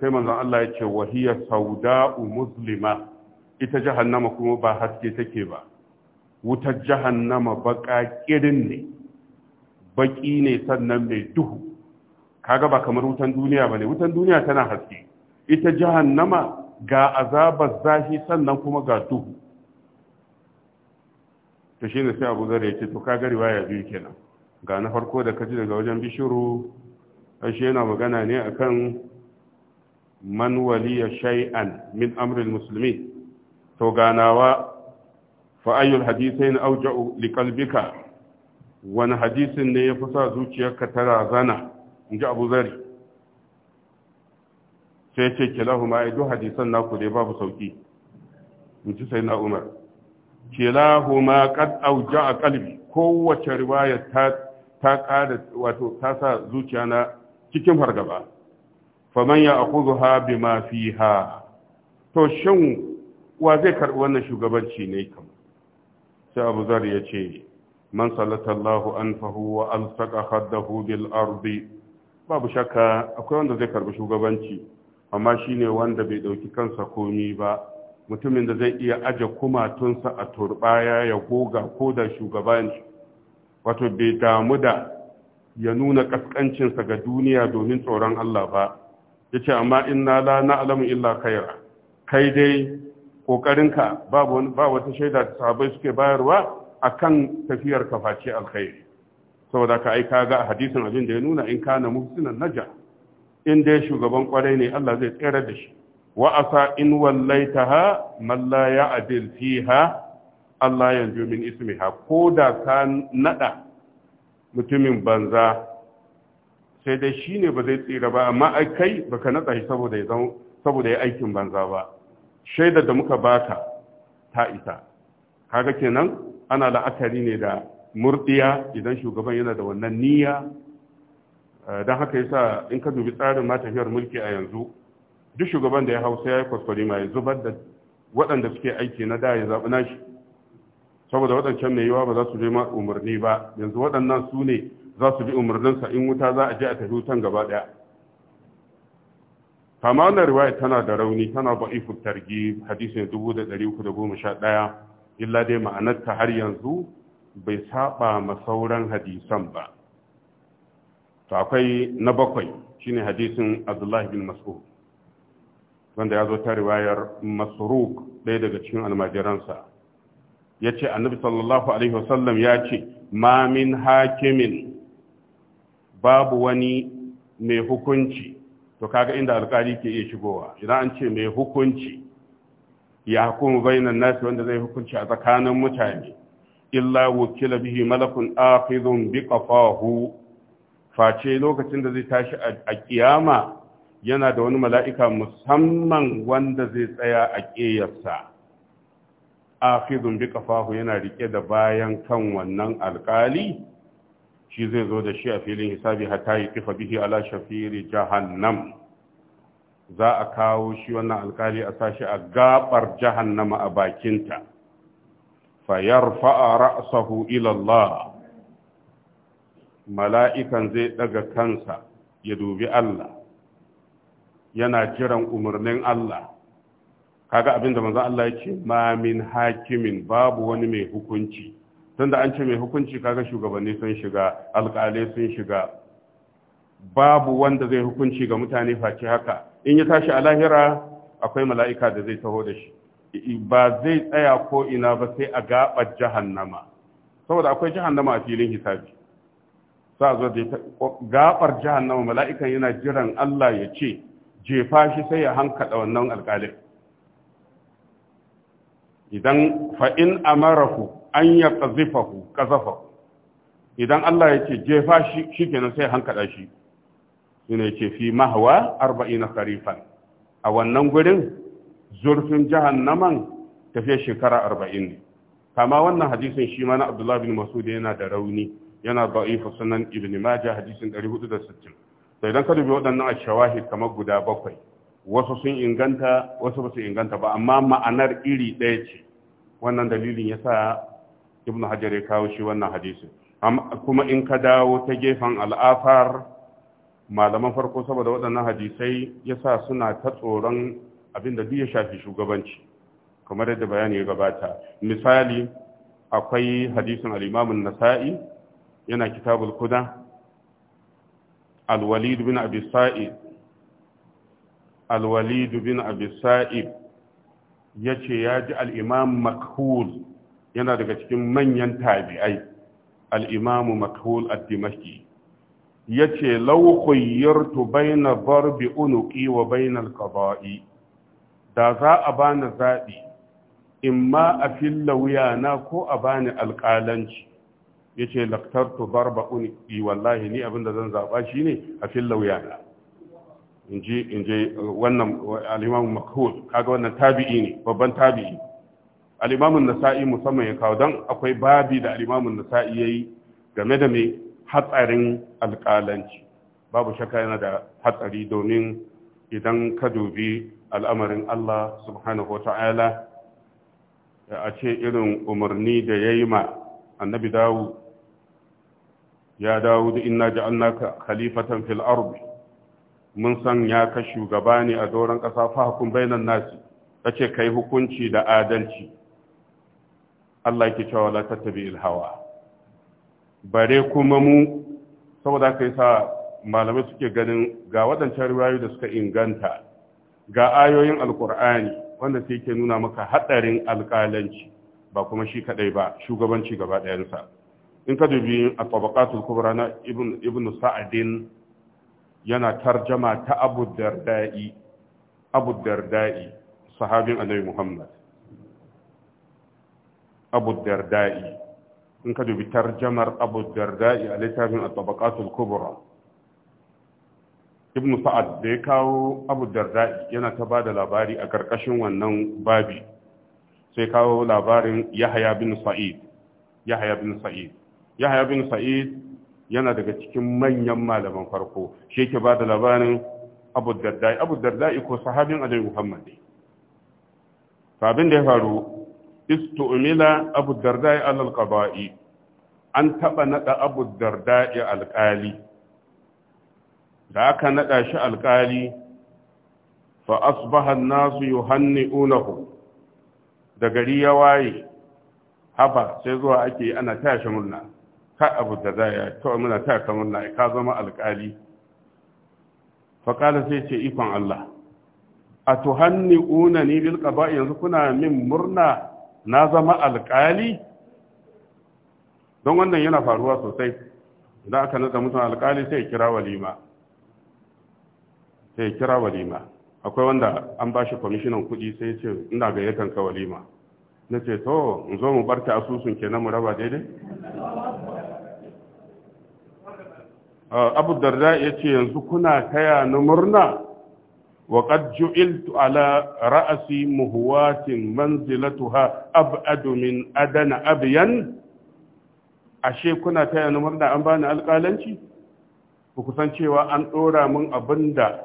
sai manzon Allah ya ce wahiya sauda'u muslima ita jahannama kuma ba haske take ba wutar jahannama baka kirin ne baki ne sannan mai duhu kaga ba kamar wutan duniya bane wutan duniya tana haske ita jahannama ga azabar zafi sannan kuma ga duhu to shine sai Abu Zar ya ce to kaga riwaya biyu kenan ga na farko da kaji daga wajen bishiru ashe yana magana ne akan man waliya shay'an min amril muslimin to ganawa fa ayyul hadithain awja'u liqalbika wani hadisin ne ya fi sa zuciyarka ta razana in ji abu zari sai ce kilahu ma duk hadisan naku dai babu sauki in ji sai na umar kilahu ma kad auja a kalbi kowace riwaya ta ta kada wato ta sa zuciya na cikin fargaba faman ya akhudha bima fiha to shin wa zai karbi wannan shugabanci ne kam sai abu zari ya ce man salata Allahu anfahu wa alsaka khaddahu bil ardi babu shakka akwai wanda zai karbi shugabanci amma shine wanda bai ɗauki kansa komi ba mutumin da zai iya aje kumatunsa a turbaya ya goga ko da shugabanci wato bai damu da ya nuna ƙasƙancinsa ga duniya domin tsoron Allah ba yace amma inna la na'lamu illa khaira kai dai ƙoƙarinka babu ba wata shaida da sahabbai suke bayarwa akan tafiyar kafaci alkhairi saboda ka ai ga a hadisin abin da ya nuna in kana muhsinan naja in dai shugaban kwarai ne Allah zai tsere da shi wa asa in wallaitaha man la ya'dil fiha Allah yanzu min ismiha ko da ka nada mutumin banza sai dai shi ne ba zai tsira ba amma ai kai baka natsa shi saboda ya zama saboda ya aikin banza ba shaida da muka baka ta isa kaga kenan ana la'akari ne da murdiya idan shugaban yana da wannan niyya eh, don haka yasa in ka dubi tsarin matafiyar mulki a yanzu duk shugaban da ya hausa ya yi kwaskwari ma ya zubar da waɗanda suke aiki na da ya zaɓi nashi saboda waɗancan mai yiwa ba za su ma umarni ba yanzu waɗannan su ne za su bi umarninsa in wuta za a je a tafi wutan gaba ɗaya kama wannan riwaya tana da rauni tana ba ifu targi sha ɗaya. illa dai ma'anarta har yanzu bai saba ma sauran hadisan ba to akwai na bakwai shine hadisin Abdullah bin Mas'ud wanda ya zo ta riwayar Masruq ɗaya daga cikin almajiransa yace Annabi sallallahu alaihi wasallam ya ce ma min hakimin babu wani mai hukunci to kaga inda alkali ke iya shigowa idan an ce mai hukunci ya hukumu bainan nasi wanda zai hukunci a tsakanin mutane illa wukila bihi malakun akhidhun bi qafahu face lokacin da zai tashi a kiyama yana da wani mala'ika musamman wanda zai tsaya a ƙeyarsa akhidhun bi yana rike da bayan kan wannan alkali shi zai zo da shi a filin hisabi hatta yi kifa bihi ala shafiri jahannam za a kawo shi wannan alkali a sashi a gabar jahannama a bakinta fayar fa'a ra'asahu ilallah mala'ikan zai daga kansa ya dubi Allah yana jiran umarnin Allah kaga abinda manzo Allah yake ma min hakimin babu wani mai hukunci tunda an ce mai hukunci kaga shugabanni sun shiga alƙalai sun shiga babu wanda zai hukunci ga mutane face haka in ya tashi a lahira akwai mala'ika da zai taho da shi ba zai tsaya ko ina ba sai a gabar jahannama saboda akwai jahannama a filin hisabi sa zo da gabar jahannama mala'ikan yana jiran Allah ya ce jefa shi sai ya hankada wannan alƙalin idan fa'in amarahu an ya ƙazifahu ƙazafahu idan Allah ya ce jefa shi shi kenan sai hankada shi shine ce fi mahwa arba'ina kharifan a wannan gurin zurfin jahannaman tafiya shekara arba'in ne kama wannan hadisin shi ma na abdullahi bin masud yana da rauni yana fa sunan ibn majah hadisin 460 sai dan ka dubi waɗannan ashawahid kamar guda bakwai wasu sun inganta wasu ba su inganta ba amma ma'anar iri ɗaya ce wannan dalilin yasa ibn hajar ya kawo shi wannan hadisin kuma in ka dawo ta gefen al'afar malaman farko saboda waɗannan hadisai yasa suna ta tsoron abinda duk ya shafi shugabanci kamar yadda bayani ya gabata misali akwai hadisin al nasa'i yana kitabul kuda al bin abi sa'id bin abi sa'id ce ya ji al'imam makhul yana daga cikin manyan tabi'ai al-imam makhul ad-dimashqi ya ce laukuyyartu baina barbi unuki wa bainal qada'i da za a bani zaɓi in ma a filla wuyana ko a bani alƙalanci ya ce laktartu barba unuki wallahi ni abinda zan zaɓa shi ne a filla wuyana in ji wannan alimamun makhul kaga wannan tabi'i ne babban tabi'i alimamun nasa'i musamman ya kawo don akwai babi da alimamun nasa'i ya yi game da mai hatsarin alƙalanci babu shakka yana da hatsari domin idan ka dubi al'amarin Allah subhanahu wa ta'ala a ce irin umarni da ya yi ma annabi dawo ya dawo da ina ja'annaka khalifatan fil ardi mun san ya ka shugaba ne a doron ƙasa fa bainan nasi kace kai hukunci da adalci Allah yake cewa la tattabi hawa bare kuma mu saboda aka yi sa malamai suke ganin ga waɗancan riwayoyi da suka inganta ga ayoyin alkur'ani wanda sai ke nuna maka haɗarin alƙalanci ba kuma shi kaɗai ba shugabanci gaba ɗayansa in ka dubi a tabaqatul kubra na Ibn sa'adin yana tarjama ta abu dardai abu dardai sahabin annabi muhammad abu dardai in ka dubi tarjamar abu darda'i a littafin at-tabaqatul kubra ibn sa'ad da ya kawo abu darda'i yana ta bada labari a karkashin wannan babi sai kawo labarin سعيد yana daga cikin manyan malaman farko shi yake da labarin abu darda'i abu darda'i ko sahabin annabi muhammad ne abin da ya faru istu'mila abu darda'i alal qada'i an taba nada abu darda'i alqali da aka naɗa shi alqali fa asbaha an-nasu yuhanni'unahu da gari ya waye haba sai zuwa ake ana tashi murna ka abu darda'i to muna tashi murna ka zama alqali fa qala sai ce ikon Allah a tuhanni'una ni bil qada'i yanzu kuna min murna na zama alkali don wannan yana faruwa sosai idan aka nada mutum alkali sai ya kira walima sai kira walima akwai wanda an ba shi kwamishinan kuɗi sai ce ina gayyatan ka walima na ce to zo mu barta asusun kenan mu raba daidai abu darda ya ce yanzu kuna kaya na murna وقد جعلت على رأسي مهواة منزلتها أبعد من أدن أبين ashe kuna taya ni murna an bani alƙalanci ku kusan cewa an ɗora mun abin da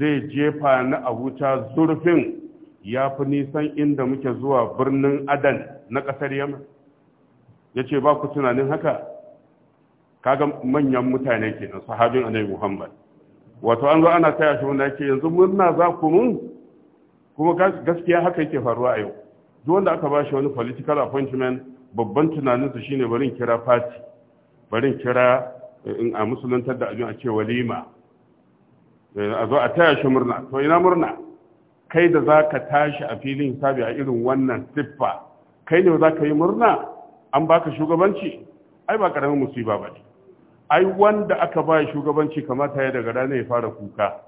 zai jefa na a wuta zurfin ya fi nisan inda muke zuwa birnin adan na ƙasar yamma ya ce ba ku tunanin haka Ka ga manyan mutane kenan sahabin annabi muhammad wato an zo ana taya shi wanda yake yanzu murna za ku mun kuma gaskiya haka yake faruwa a yau duk wanda aka ba shi wani political appointment babban tunaninsa shine barin kira party barin kira eh, in a musuluntar da abin a ce walima eh, a zo a taya shi murna to ina murna kai da za ka tashi a filin sabi a irin wannan siffa kai ne za ka yi murna an baka shugabanci ai ba karamin musiba ba ne ai wanda aka ba shugabanci kamata ya daga rana ya fara kuka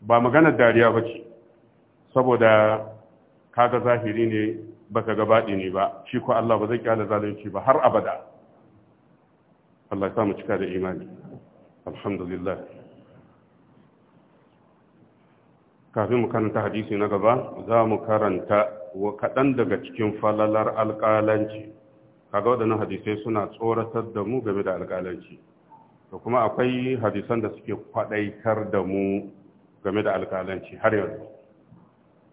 ba maganar dariya ba ce saboda kaga zahiri ne baka gabaɗi ne ba shi ko Allah ba zai kyala zalunci ba har abada Allah ya samu cika da imani alhamdulillah kafin mu karanta hadisi na gaba za mu karanta wa kaɗan daga cikin falalar alƙalanci kaga waɗannan hadisai suna tsoratar da mu game da alƙalanci da kuma akwai hadisan da suke kwadaitar da mu game da alƙalanci har yanzu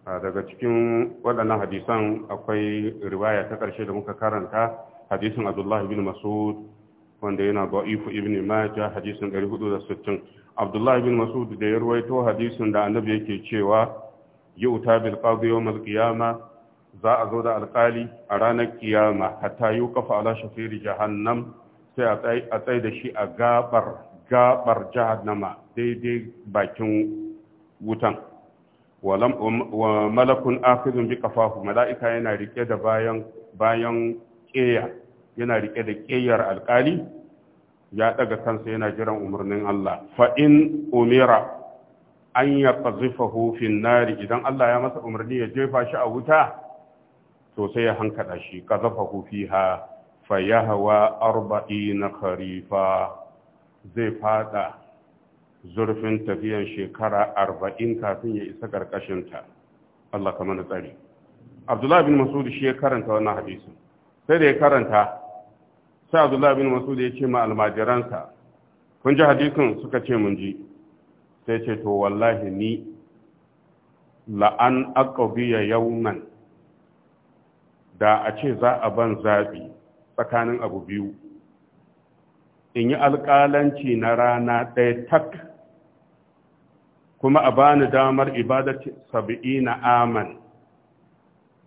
daga cikin waɗannan hadisan akwai riwaya ta ƙarshe da muka karanta hadisin abdullahi bin masud wanda yana Ifu ibn majah hadisin 460 abdullahi bin masud da ya ruwaito hadisin da annabi yake cewa yau bil qadi yawm al qiyama za a zo da alƙali a ranar kiyama hatta yuqafa ala shafir jahannam sai a tsaye da shi a gabar gabar jahannama daidai bakin wutan wa malakun akhizun bi kafahu mala'ika yana rike da bayan bayan keya yana rike da keyar alkali ya daga kansa yana jiran umarnin Allah fa in umira an ya qazifahu hufin nari idan Allah ya masa umarni ya jefa shi a wuta to sai ya hankada shi qazafahu fiha fayahawa arba'ina kharifa zai fada zurfin tafiyan shekara arba'in kafin ya isa ƙarƙashinta Allah kamar da tsari abdullahi bin masud shi ya karanta wannan hadisin sai da ya karanta sai abdullahi bin masud ya ce ma almajiransa kun ji hadisin suka ce mun ji sai ce to wallahi ni la'an aqbiya yawman da a ce za a ban zabi tsakanin abu biyu in yi alƙalanci na rana ɗaya tak kuma a bani damar ibada saba'i na aman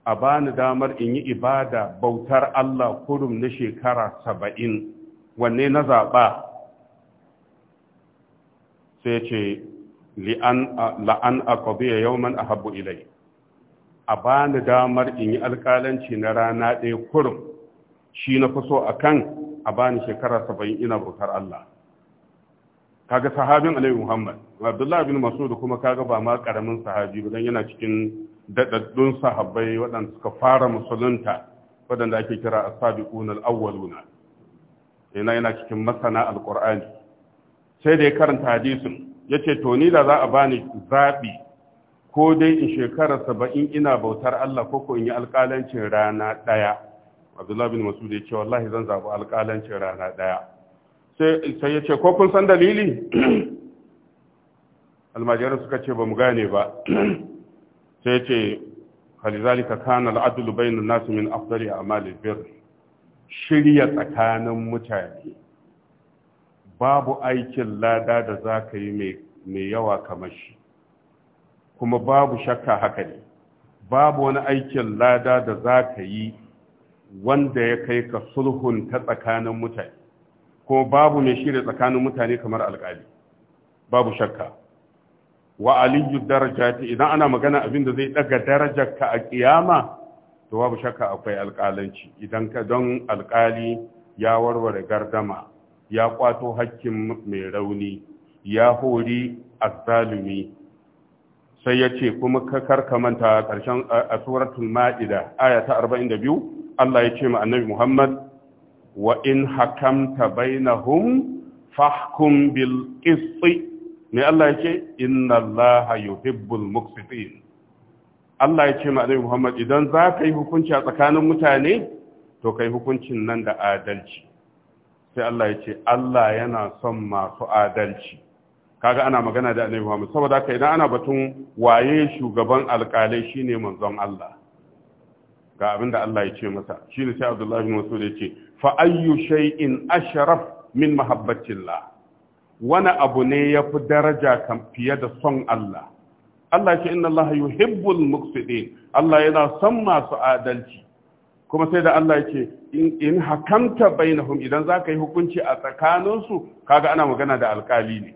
a bani damar in yi ibada bautar Allah kurum na shekara saba'in wanne na zaɓa sai ce la'an a yau yauman a habu ilai a bani damar in yi alƙalanci na rana ɗaya kurum shi na faso a kan a bani shekara saba'in ina bautar Allah kaga sahabin alaihi muhammad abdullah bin masud kuma kaga ba ma karamin sahabi ba dan yana cikin daɗaɗɗun sahabai waɗanda suka fara musulunta waɗanda ake kira Asabi sabiqun awwaluna yana yana cikin masana alƙur'ani. sai da ya karanta hadisin yace to ni da za a bani zaɓi. ko dai in shekara saba'in ina bautar Allah ko ko in yi alƙalancin rana ɗaya abdullahi bin masud ya ce wallahi zan zaɓi alƙalancin rana ɗaya sai ya ce ko kun san dalili almajiran suka ce ba mu gane ba sai ce halizalika kana al'adul bayna nasu min afdali a'malil birr shirya tsakanin mutane babu aikin lada da za yi mai yawa kamar shi kuma babu shakka haka ne babu wani aikin lada da za ka yi wanda ya kai ka sulhun ta tsakanin mutane ko babu mai shirya tsakanin mutane kamar alƙali babu shakka wa aliyu darajati idan ana magana abin da zai daga darajar ka a kiyama to babu shakka akwai alƙalanci idan ka don alƙali ya warware gardama ya kwato hakkin mai rauni ya hori azzalumi sai ya ce kuma ka karkamanta ƙarshen a suratul ma'ida aya ta 42 Allah ya ce ma annabi Muhammad wa in hakamta bainahum fahkum bil qisti ne Allah ya ce inna Allah yuhibbul muqsitin Allah ya ce ma annabi Muhammad idan za ka yi hukunci a tsakanin mutane to kai hukuncin nan da adalci sai Allah ya ce Allah yana son masu adalci kaga ana magana da annabi Muhammad saboda haka idan ana batun waye shugaban alƙalai shine manzon Allah ga abin da Allah ya ce masa shi ne sai Abdullahi bin Mas'ud ya ce fa'ayyu shai in asharaf min mahabbatillah wani abu ne ya fi daraja kan fiye da son Allah Allah ce inna Allah hibbul muqsitin Allah yana son masu adalci kuma sai da Allah ya ce in hakamta bainahum idan za ka yi hukunci a tsakaninsu kaga ana magana da alkali ne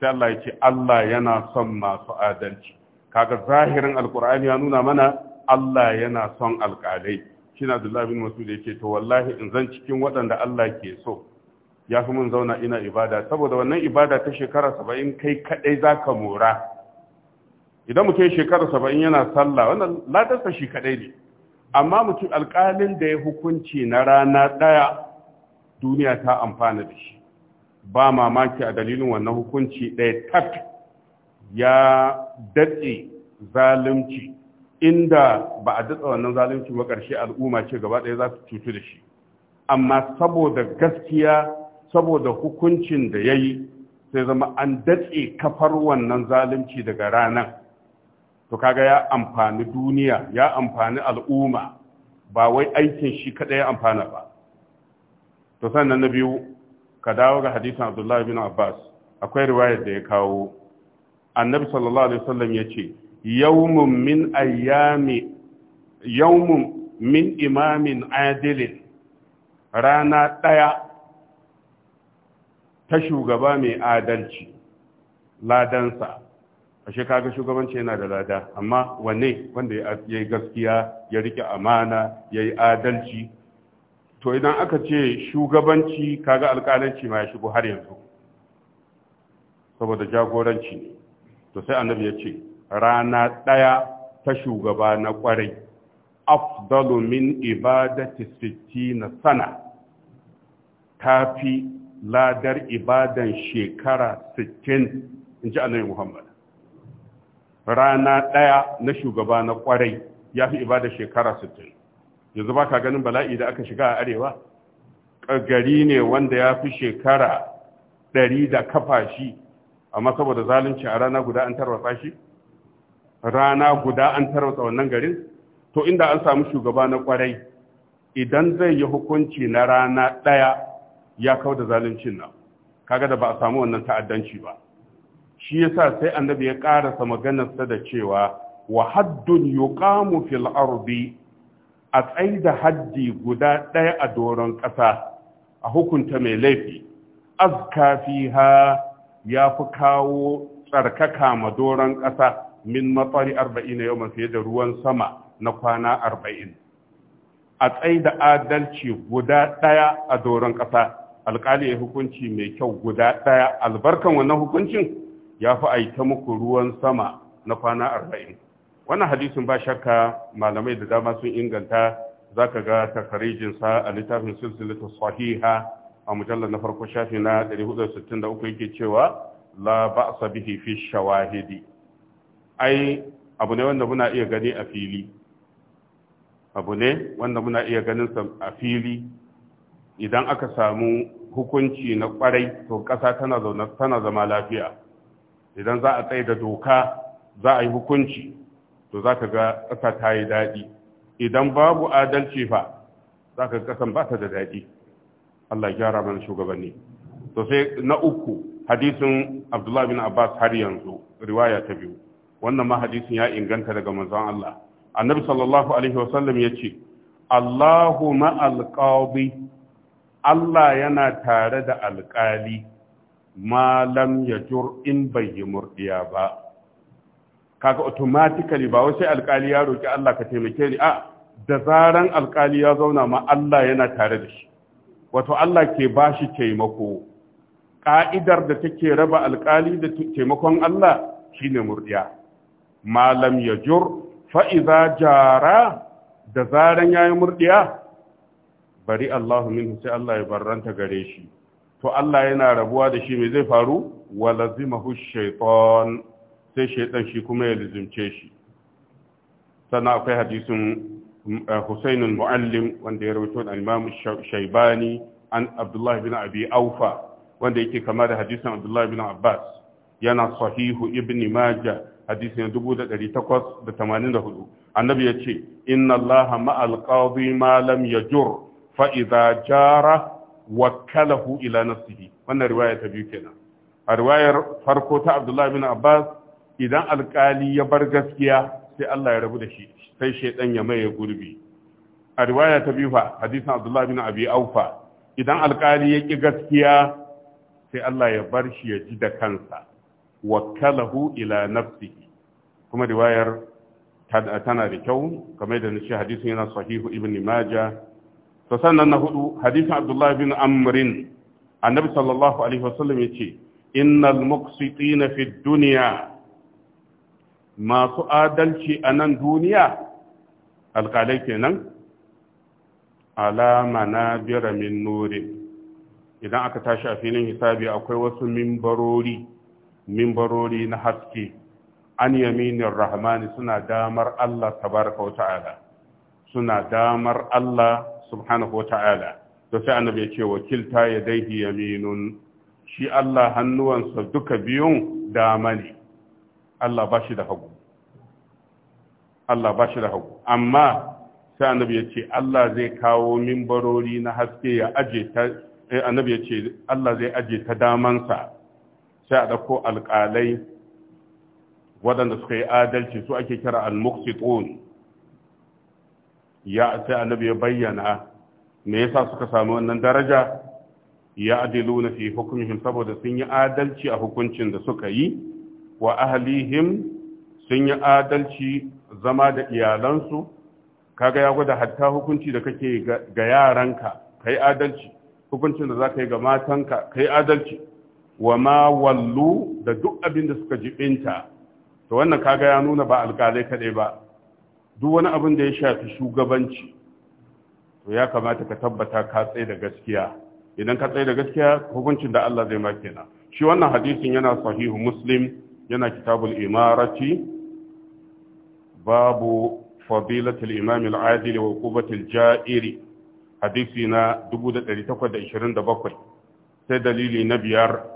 sai Allah ya ce Allah yana son masu adalci kaga zahirin alkur'ani ya nuna mana Allah yana son alƙalai shi na Abdullahi bin Masud yake to wallahi in zan cikin waɗanda Allah ke so ya fi mun zauna ina ibada saboda wannan ibada ta shekara saba'in kai kaɗai za ka mora idan mutum shekara saba'in yana sallah wannan ladarsa shi kaɗai ne amma mutum alƙalin da ya hukunci na rana ɗaya duniya ta amfana da shi ba mamaki a dalilin wannan hukunci ɗaya tak ya datse zalunci inda ba a datsa wannan zalunci ba ƙarshe al'umma ce gaba ɗaya za su cutu da shi amma saboda gaskiya saboda hukuncin da ya yi sai zama an datse kafar wannan zalunci daga ranar to kaga ya amfani duniya ya amfani al'umma ba wai aikin shi kaɗai ya amfana ba to sannan na biyu ka dawo ga hadisan abdullahi bin abbas akwai riwayar da ya kawo annabi sallallahu alaihi wasallam ya ce yawmun min ayyami yawmun min imamin adilin rana ɗaya ta shugaba mai adalci ladansa ashe kaga shugabanci yana da lada amma wanne wanda ya yi gaskiya ya rike amana ya yi adalci to idan aka ce shugabanci kaga alƙalanci ma ya shigo har yanzu saboda jagoranci ne to sai annabi ya ce rana ɗaya ta shugaba na ƙwarai afdalu min ibadati sittina sana ta fi ladar ibadan shekara sittin in ji annabi muhammad rana ɗaya na shugaba na ƙwarai ya fi ibada shekara sittin yanzu ba ka ganin bala'i da aka shiga a arewa gari ne wanda ya fi shekara ɗari da kafa shi amma saboda zalunci a rana guda an tarwatsa shi rana guda an tarwatsa wannan garin to inda an samu shugaba na kwarai idan zai yi hukunci na rana ɗaya ya kau da zaluncin nan kaga da ba a samu wannan ta'addanci ba shi yasa sai annabi ya karasa maganarsa da cewa wa haddun yuqamu fil ardi a tsaida haddi guda ɗaya a doron ƙasa a hukunta mai laifi azka fiha ya fi kawo tsarkaka ma doron ƙasa min matsari arba'in yau fiye da ruwan sama na kwana arba'in a tsayi da adalci guda ɗaya a doron ƙasa alƙali ya hukunci mai kyau guda ɗaya albarkan wannan hukuncin ya fi aita muku ruwan sama na kwana arba'in wannan hadisin ba shakka malamai da dama sun inganta za ka ga takarijinsa a littafin silsilatu sahiha a mujallar na farko shafi na 463 yake cewa la ba'sa bihi fi shawahidi ai abu ne wanda muna iya gani a fili abu ne wanda muna iya ganin a fili idan aka samu hukunci na kwarai to ƙasa tana zauna tana zama lafiya idan za a tsaye da doka za a yi hukunci to za ka ga ƙasa ta yi daɗi idan babu adalci fa za ka ƙasan ba ta da daɗi Allah ya gyara mana shugabanni to sai na uku hadisin Abdullah bin Abbas har yanzu riwaya ta biyu wannan ma hadisin ya inganta daga manzon Allah annabi sallallahu alaihi sallam ya ce Allahu ma'al Allah yana tare da alƙali malam ya jur in bai yi murdiya ba kaga automatically ba wai sai alƙali ya roki Allah ka taimake ni a da zaran alƙali ya zauna ma Allah yana tare da shi wato Allah ke bashi taimako ka'idar da take raba alƙali da taimakon Allah shine murdiya malam ya jur fa'iza jara da zaren ya yi murɗiya bari Allah minhu sai Allah ya barranta gare shi to Allah yana rabuwa da shi mai zai faru wa lazimahu sai shaitan shi kuma ya lizimce shi sannan akwai hadisin eh, Husainul Muallim wanda ya rawaito da Imam Shaibani an Abdullahi bin Abi Aufa wanda yake kama da hadisin Abdullahi bin Abbas yana sahihu Ibn Majah hadisi na hudu annabi ya ce inna allaha ma'al qadi ma lam yajur fa idza jara wakkalahu ila nafsihi wannan riwaya ta biyu kenan a riwayar farko ta abdullahi bin abbas idan alkali ya bar gaskiya sai Allah ya rabu da shi sai shaidan ya maye gurbi a riwaya ta biyu fa hadisin abdullahi bin abi aufa idan alkali ya ki gaskiya sai Allah ya bar shi ya ji da kansa Wakkalahu ila Nafsi, kuma riwayar tana da kyau kamar da nace hadisin yana sahihu ibn majah to sannan na hudu hadisin abdullah bin amrin annabi sallallahu alaihi wasallam yace innal muqsitina fid dunya masu adalci a nan duniya alƙalai kenan alama na bira min nuri idan aka tashi a filin hisabi akwai wasu mimbarori mimbarori na haske an yaminin rahmani suna damar Allah tabaraka wa ta'ala suna damar Allah subhanahu wa ta'ala da sai annabi ya ce wakilta ya daihi yaminun shi Allah hannuwansa duka biyun dama ne Allah ba shi da hagu Allah ba shi da hagu amma sai annabi ya ce Allah zai kawo mimbarori na haske ya aje ta eh, annabi ya ce Allah zai aje ta damansa sai a ɗauko alƙalai waɗanda suka yi adalci su ake kira al-muqsitun ya sai annabi ya bayyana me yasa suka samu wannan daraja ya adiluna fi hukumihim saboda sun yi adalci a hukuncin da suka yi wa ahlihim sun yi adalci zama da iyalansu kaga ya gwada hatta hukunci da kake ga yaranka kai adalci hukuncin da zaka yi ga matanka kai adalci wa ma wallu da duk abin da suka jibinta to wannan kaga ya nuna ba alƙalai kaɗai ba duk wani abin da ya shafi shugabanci to ya kamata ka tabbata ka tsaye da gaskiya idan ka tsaye da gaskiya hukuncin da Allah zai maka kenan shi wannan hadisin yana sahihu muslim yana kitabul imarati babu fadilatul imam al-adil wa uqubatil ja'iri hadisi na 1827 sai dalili na biyar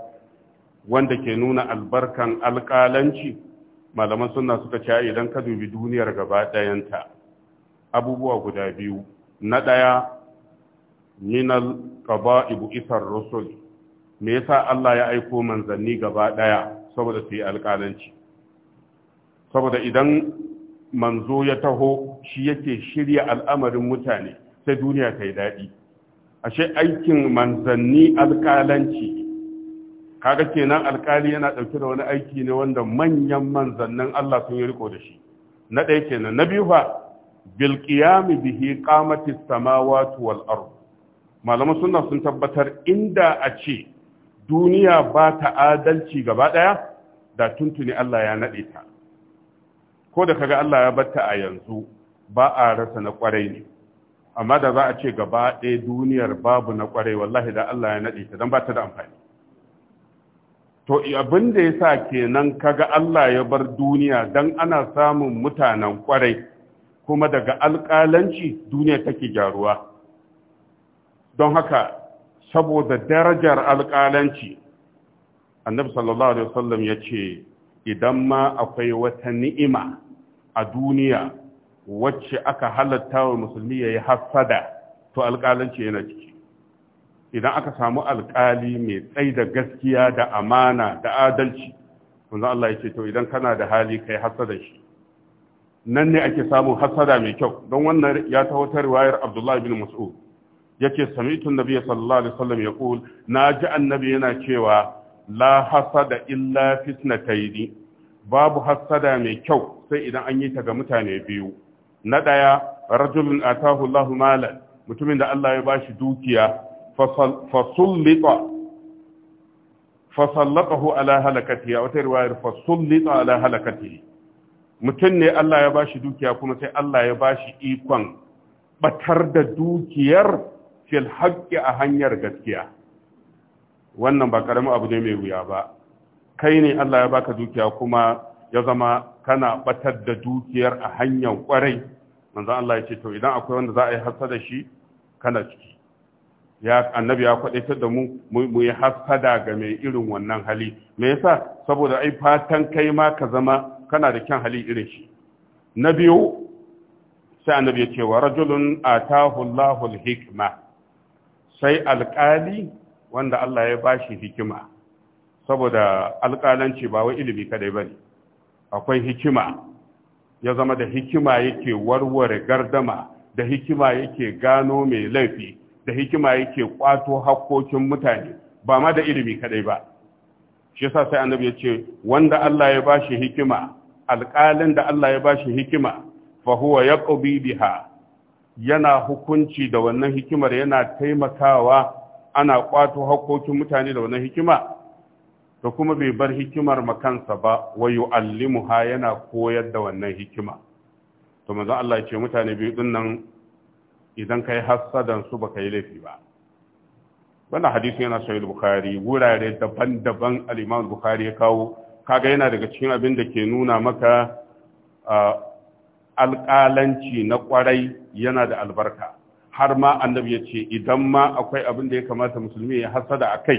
wanda ke nuna albarkan alƙalanci malaman suna suka ce idan ka dubi duniyar gaba ɗayanta abubuwa guda biyu na ɗaya minal ƙaba ibu isar rusul me yasa Allah ya aiko manzanni gaba ɗaya saboda su yi alƙalanci saboda idan manzo ya taho shi yake shirya al'amarin mutane sai duniya ta yi daɗi ashe aikin manzanni alƙalanci kaga kenan alkali yana ɗauke da wani aiki ne wanda manyan manzannin Allah sun yi riko da shi na ɗaya kenan na biyu fa bil qiyami bihi qamati samawati wal ard malaman sunna sun tabbatar inda a ce duniya ba ta adalci gaba ɗaya da tuntuni Allah ya naɗe ta ko da kaga Allah ya batta a yanzu ba a rasa na kwarai ne amma da za a ce gaba ɗaya duniyar babu na kwarai wallahi da Allah ya naɗe ta don ba ta da amfani to abin da ya sa kenan kaga Allah ya bar duniya don ana samun mutanen kwarai kuma daga alƙalanci duniya take gyaruwa don haka saboda darajar alƙalanci annabi sallallahu alaihi wasallam ya ce idan ma akwai wata ni'ima a duniya wacce aka halatta wa musulmi ya yi hassada to alƙalanci yana ciki idan aka samu alkali mai tsaida da gaskiya da amana da adalci manzo Allah ce to idan kana da hali kai hasada shi nan ne ake samun hasada mai kyau don wannan ya taho ta riwayar Abdullah ibn Mas'ud yace sami'tu an-nabiy sallallahu alaihi wasallam yaqul naji annabi yana cewa la hasada illa fitnataini babu hasada mai kyau sai idan an yi ta ga mutane biyu na daya rajulun atahu Allahu malan mutumin da Allah ya bashi dukiya fasallita fasallatahu ala halakati a wata riwayar fasallita ala mutum ne Allah ya bashi dukiya kuma sai Allah ya bashi ikon batar da dukiyar fil haƙƙi a hanyar gaskiya wannan ba karamin abu ne mai wuya ba kai ne Allah ya baka dukiya kuma ya zama kana batar da dukiyar a hanyar kwarai manzon Allah ya ce to idan akwai wanda za a yi hasa da shi kana ciki ya annabi ya kwadaitar da mu mu yi hasada ga mai irin wannan hali me yasa saboda ai fatan kai ma ka zama kana da kyan hali irin shi na biyu sai annabi ya ce wa rajulun atahu Allahu al sai alƙali wanda Allah ya bashi hikima saboda alƙalanci ba wai ilimi kadai bane akwai hikima ya zama da hikima yake warware gardama da hikima yake gano mai laifi da hikima yake kwato hakkokin mutane ba ma da ilimi kadai ba shi yasa sai annabi ya ce wanda Allah ya bashi hikima alƙalin da Allah ya bashi hikima fa huwa yaqbi biha yana hukunci da wannan hikimar yana taimakawa ana kwato hakkokin mutane da wannan hikima to kuma bai bar hikimar makansa ba wa yu'allimuha yana koyar da wannan hikima to manzo Allah ya ce mutane biyu dinnan idan ka yi hassadan su baka yi laifi ba wannan hadisi yana sahih bukhari wurare daban-daban al-imam bukhari ya kawo kaga yana daga cikin abin da ke nuna maka alƙalanci na kwarai yana da albarka har ma annabi ya ce idan ma akwai abin da ya kamata musulmi ya hasada a kai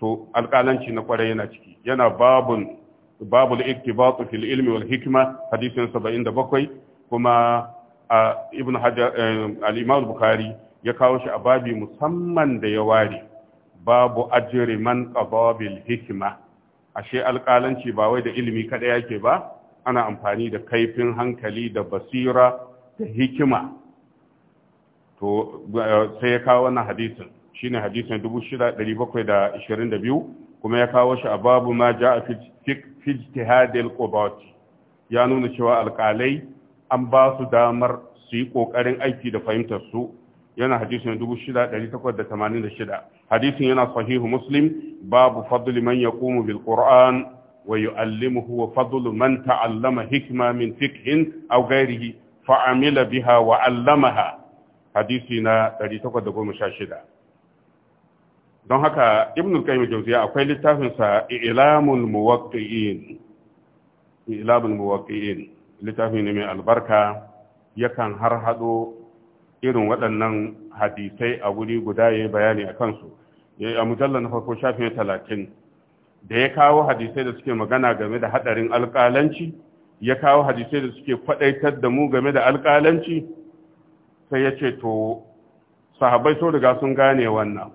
to alƙalanci na kwarai yana ciki yana babun babul ittibatu fil ilmi wal hikma hadisin 77 kuma a ibn hajar eh, al bukari ya kawo shi a babi musamman da ya ware babu ajiriman man hikima. ashe alƙalanci ba wai da ilimi kada yake ba ana amfani da kaifin hankali da basira da hikima to eh, sai ya kawo wannan hadisin shine hadisin 6722 kuma ya kawo shi a babu ma ja a fijtihadil qudat ya nuna cewa alƙalai an ba su damar su yi ƙoƙarin aiki da fahimtar su yana hadisin 6886 hadisin yana sahihu muslim babu fadli man yaqumu bil qur'an wa yu'allimuhu wa fadlu man ta'allama hikma min fiqhin aw ghairihi fa biha wa 'allamaha hadisi na 816 don haka ibn al-qayyim jawziya akwai littafinsa, sa ilamul muwaqqi'in ilamul muwaqqi'in littafi ne mai albarka yakan har haɗo irin waɗannan hadisai a wuri guda ya yi bayani a kansu a mujallar na farko shafin talatin da ya kawo hadisai da suke magana game da haɗarin alƙalanci ya kawo hadisai da suke kwaɗaitar da mu game da alƙalanci sai ya ce to sahabai so riga sun gane wannan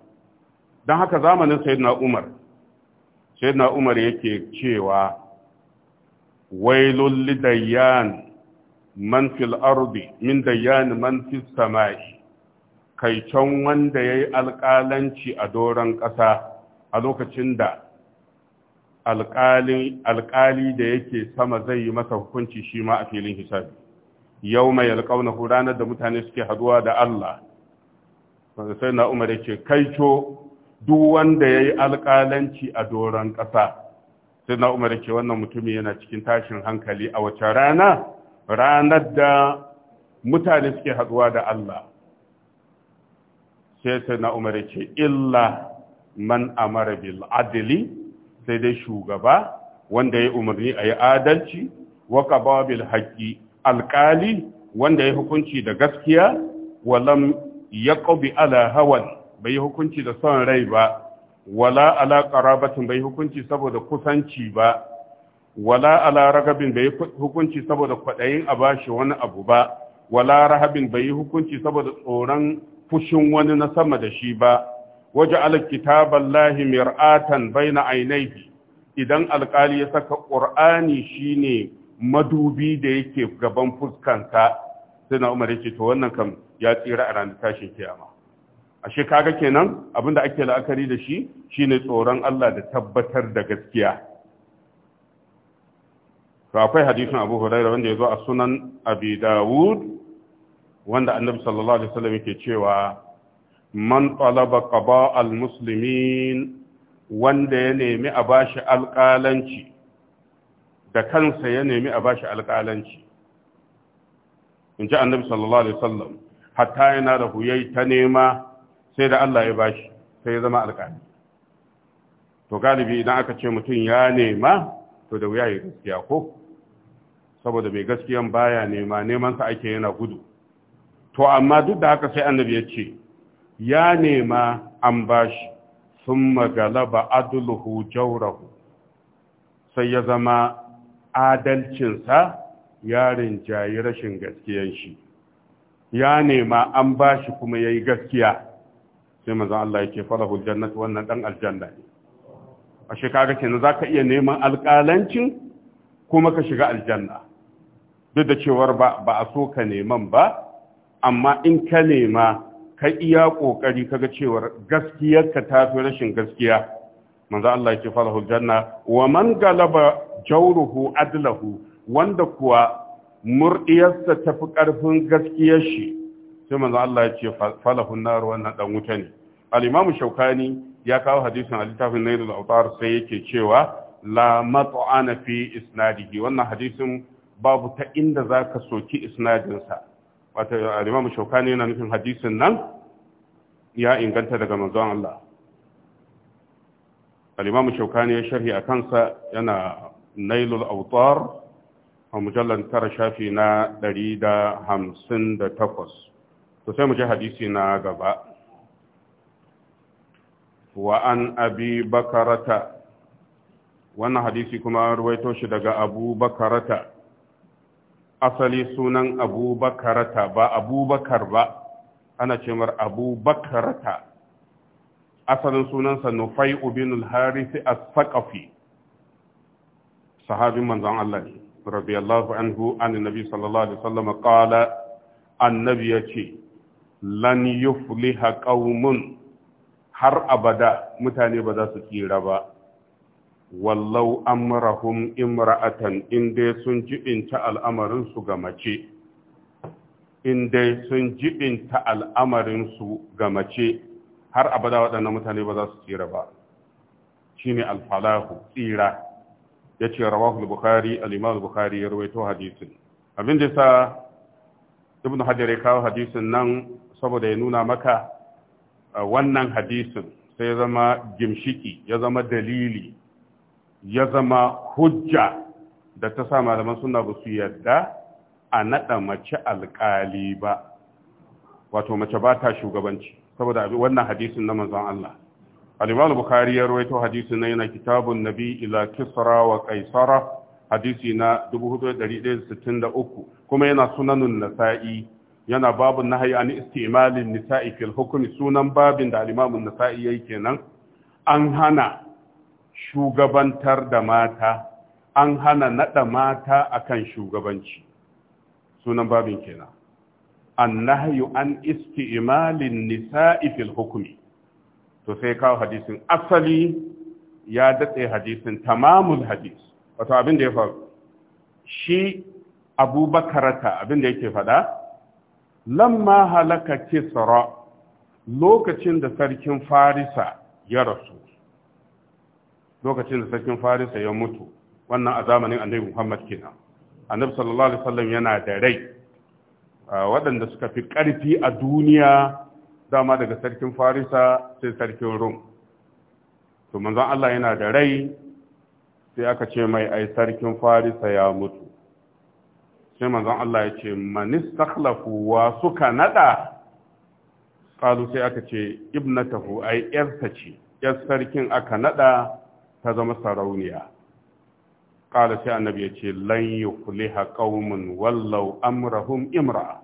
don haka zamanin sayyidina umar sayyidina umar yake cewa Wai lidayyan man fil ardi min man fis samai kai can wanda yayi alƙalanci a doron ƙasa a lokacin da alƙali da yake sama zai yi masa hukunci shi ma a filin hisabi yau mai alƙaunahu ranar da mutane suke haduwa da Allah sai na umar yake kaico duk wanda ya yi alƙalanci a doron ƙasa sai na umar ke wannan mutumin yana cikin tashin hankali a wace rana ranar da mutane suke haduwa da Allah sai sai na umar ke illa man amara bil adli sai dai shugaba wanda ya umarni a yi adalci wa qaba bil haqqi alqali wanda ya hukunci da gaskiya walam yaqbi ala hawan bai hukunci da son rai ba wala ala qarabatin bai hukunci saboda kusanci ba wala ala ragabin bai hukunci saboda kwadayin a bashi wani abu ba wala rahabin bai yi hukunci saboda tsoron fushin wani na sama da shi ba waje alkitaballahi mir'atan na ainihi idan alkali ya saka qur'ani shine madubi da yake gaban fuskanka sai na umar yake to wannan kam ya tsira a ranar tashin kiyama ashe kaga kenan abinda ake la'akari da shi shine tsoron Allah da tabbatar da gaskiya to akwai hadisin Abu Hurairah wanda yazo a sunan Abi Dawud wanda Annabi sallallahu alaihi wasallam yake cewa man talaba qaba al-muslimin wanda ya nemi a bashi alƙalanci da kansa ya nemi a bashi alƙalanci in ji Annabi sallallahu alaihi wasallam hatta yana da huyai ta nema sai da Allah ya bashi sai ya zama alƙali to galibi idan aka ce mutum ya nema to da wuya ya gaskiya ko saboda mai gaskiyan baya nema nemansa ake yana gudu to amma duk da haka sai annabi ya ce ya nema an bashi sun magalaba adulhu jaurahu sai ya zama adalcinsa yarin jayi rashin gaskiyan shi ya nema an bashi kuma ya yi gaskiya sai maza Allah yake falahu jannatu wannan dan aljanna ne a shekara kenan ka iya neman alƙalancin kuma ka shiga aljanna duk da cewar ba ba a so ka neman ba amma in ka nema ka iya kokari kaga cewar gaskiyar ka fi rashin gaskiya manzo Allah yake falahu janna wa man galaba jawruhu adlahu wanda kuwa murdiyarsa tafi ƙarfin gaskiyar shi sai manzo Allah ya ce falahun nar wannan dan wuta ne al-imam shaukani ya kawo hadisin a littafin al autar sai yake cewa la mat'ana fi isnadihi wannan hadisin babu ta inda zaka soki isnadin sa wato al-imam shaukani yana nufin hadisin nan ya inganta daga manzon Allah al-imam shaukani ya sharhi a kansa yana nailul autar a mujallar tara shafi na 158 to sai mu ji hadisi na gaba wa an abi bakarata wannan hadisi kuma ruwaito shi daga abu bakarata asali sunan abu bakarata ba abu bakar ba ana ce mar abu bakarata asalin sunansa nufai ubin al-harisi as-saqafi sahabin manzon Allah ne Allah anhu an nabi sallallahu alaihi wasallam qala annabi yace lan yufliha qaumun har abada mutane ba za su tsira ba wallau amrahum imra'atan in dai sun jibinta al'amarin su ga mace in sun jibinta al'amarin su ga mace har abada waɗannan mutane ba za su tsira ba shine al-falahu tsira yace rawahu al-bukhari al-imam bukhari ya rawaito hadisin abin da sa ibnu hajar ya kawo hadisin nan saboda ya nuna maka wannan hadisin sai ya zama gimshiki ya zama dalili ya zama hujja da ta sa malaman suna ba su yarda a naɗa mace alƙali ba wato mace ba ta shugabanci saboda wannan hadisin na manzon Allah al-Imam Bukhari ya rawaito hadisin na yana kitabun Nabi ila Kisra wa Qaisara hadisi na 4163 kuma yana sunanun Nasa'i yana babu nahyi an istimalin nisa'i fil hukmi sunan babin da al-imam nasai yayi kenan an hana shugabantar da mata an hana nada mata akan shugabanci sunan babin kenan an-nahyi an istimalin nisa'i fil hukmi to sai kawo hadisin asali ya datse hadisin tamamul hadis wato abin da ya faru shi abubakarata abin da yake faɗa lamma halaka kisra lokacin da sarkin farisa ya rasu lokacin da sarkin farisa ya mutu wannan a zamanin annabi muhammad kenan annabi sallallahu alaihi wasallam yana da rai waɗanda suka fi ƙarfi a duniya dama daga sarkin farisa sai sarkin rum to manzon allah yana da rai sai aka ce mai ai sarkin farisa ya mutu sai manzon Allah ya ce manistakhlafu wa suka nada qalu sai aka ce ibnatahu ai yarsa ce yar sarkin aka nada ta zama sarauniya qala sai annabi ya ce lan yufliha qaumun wallau amrahum imra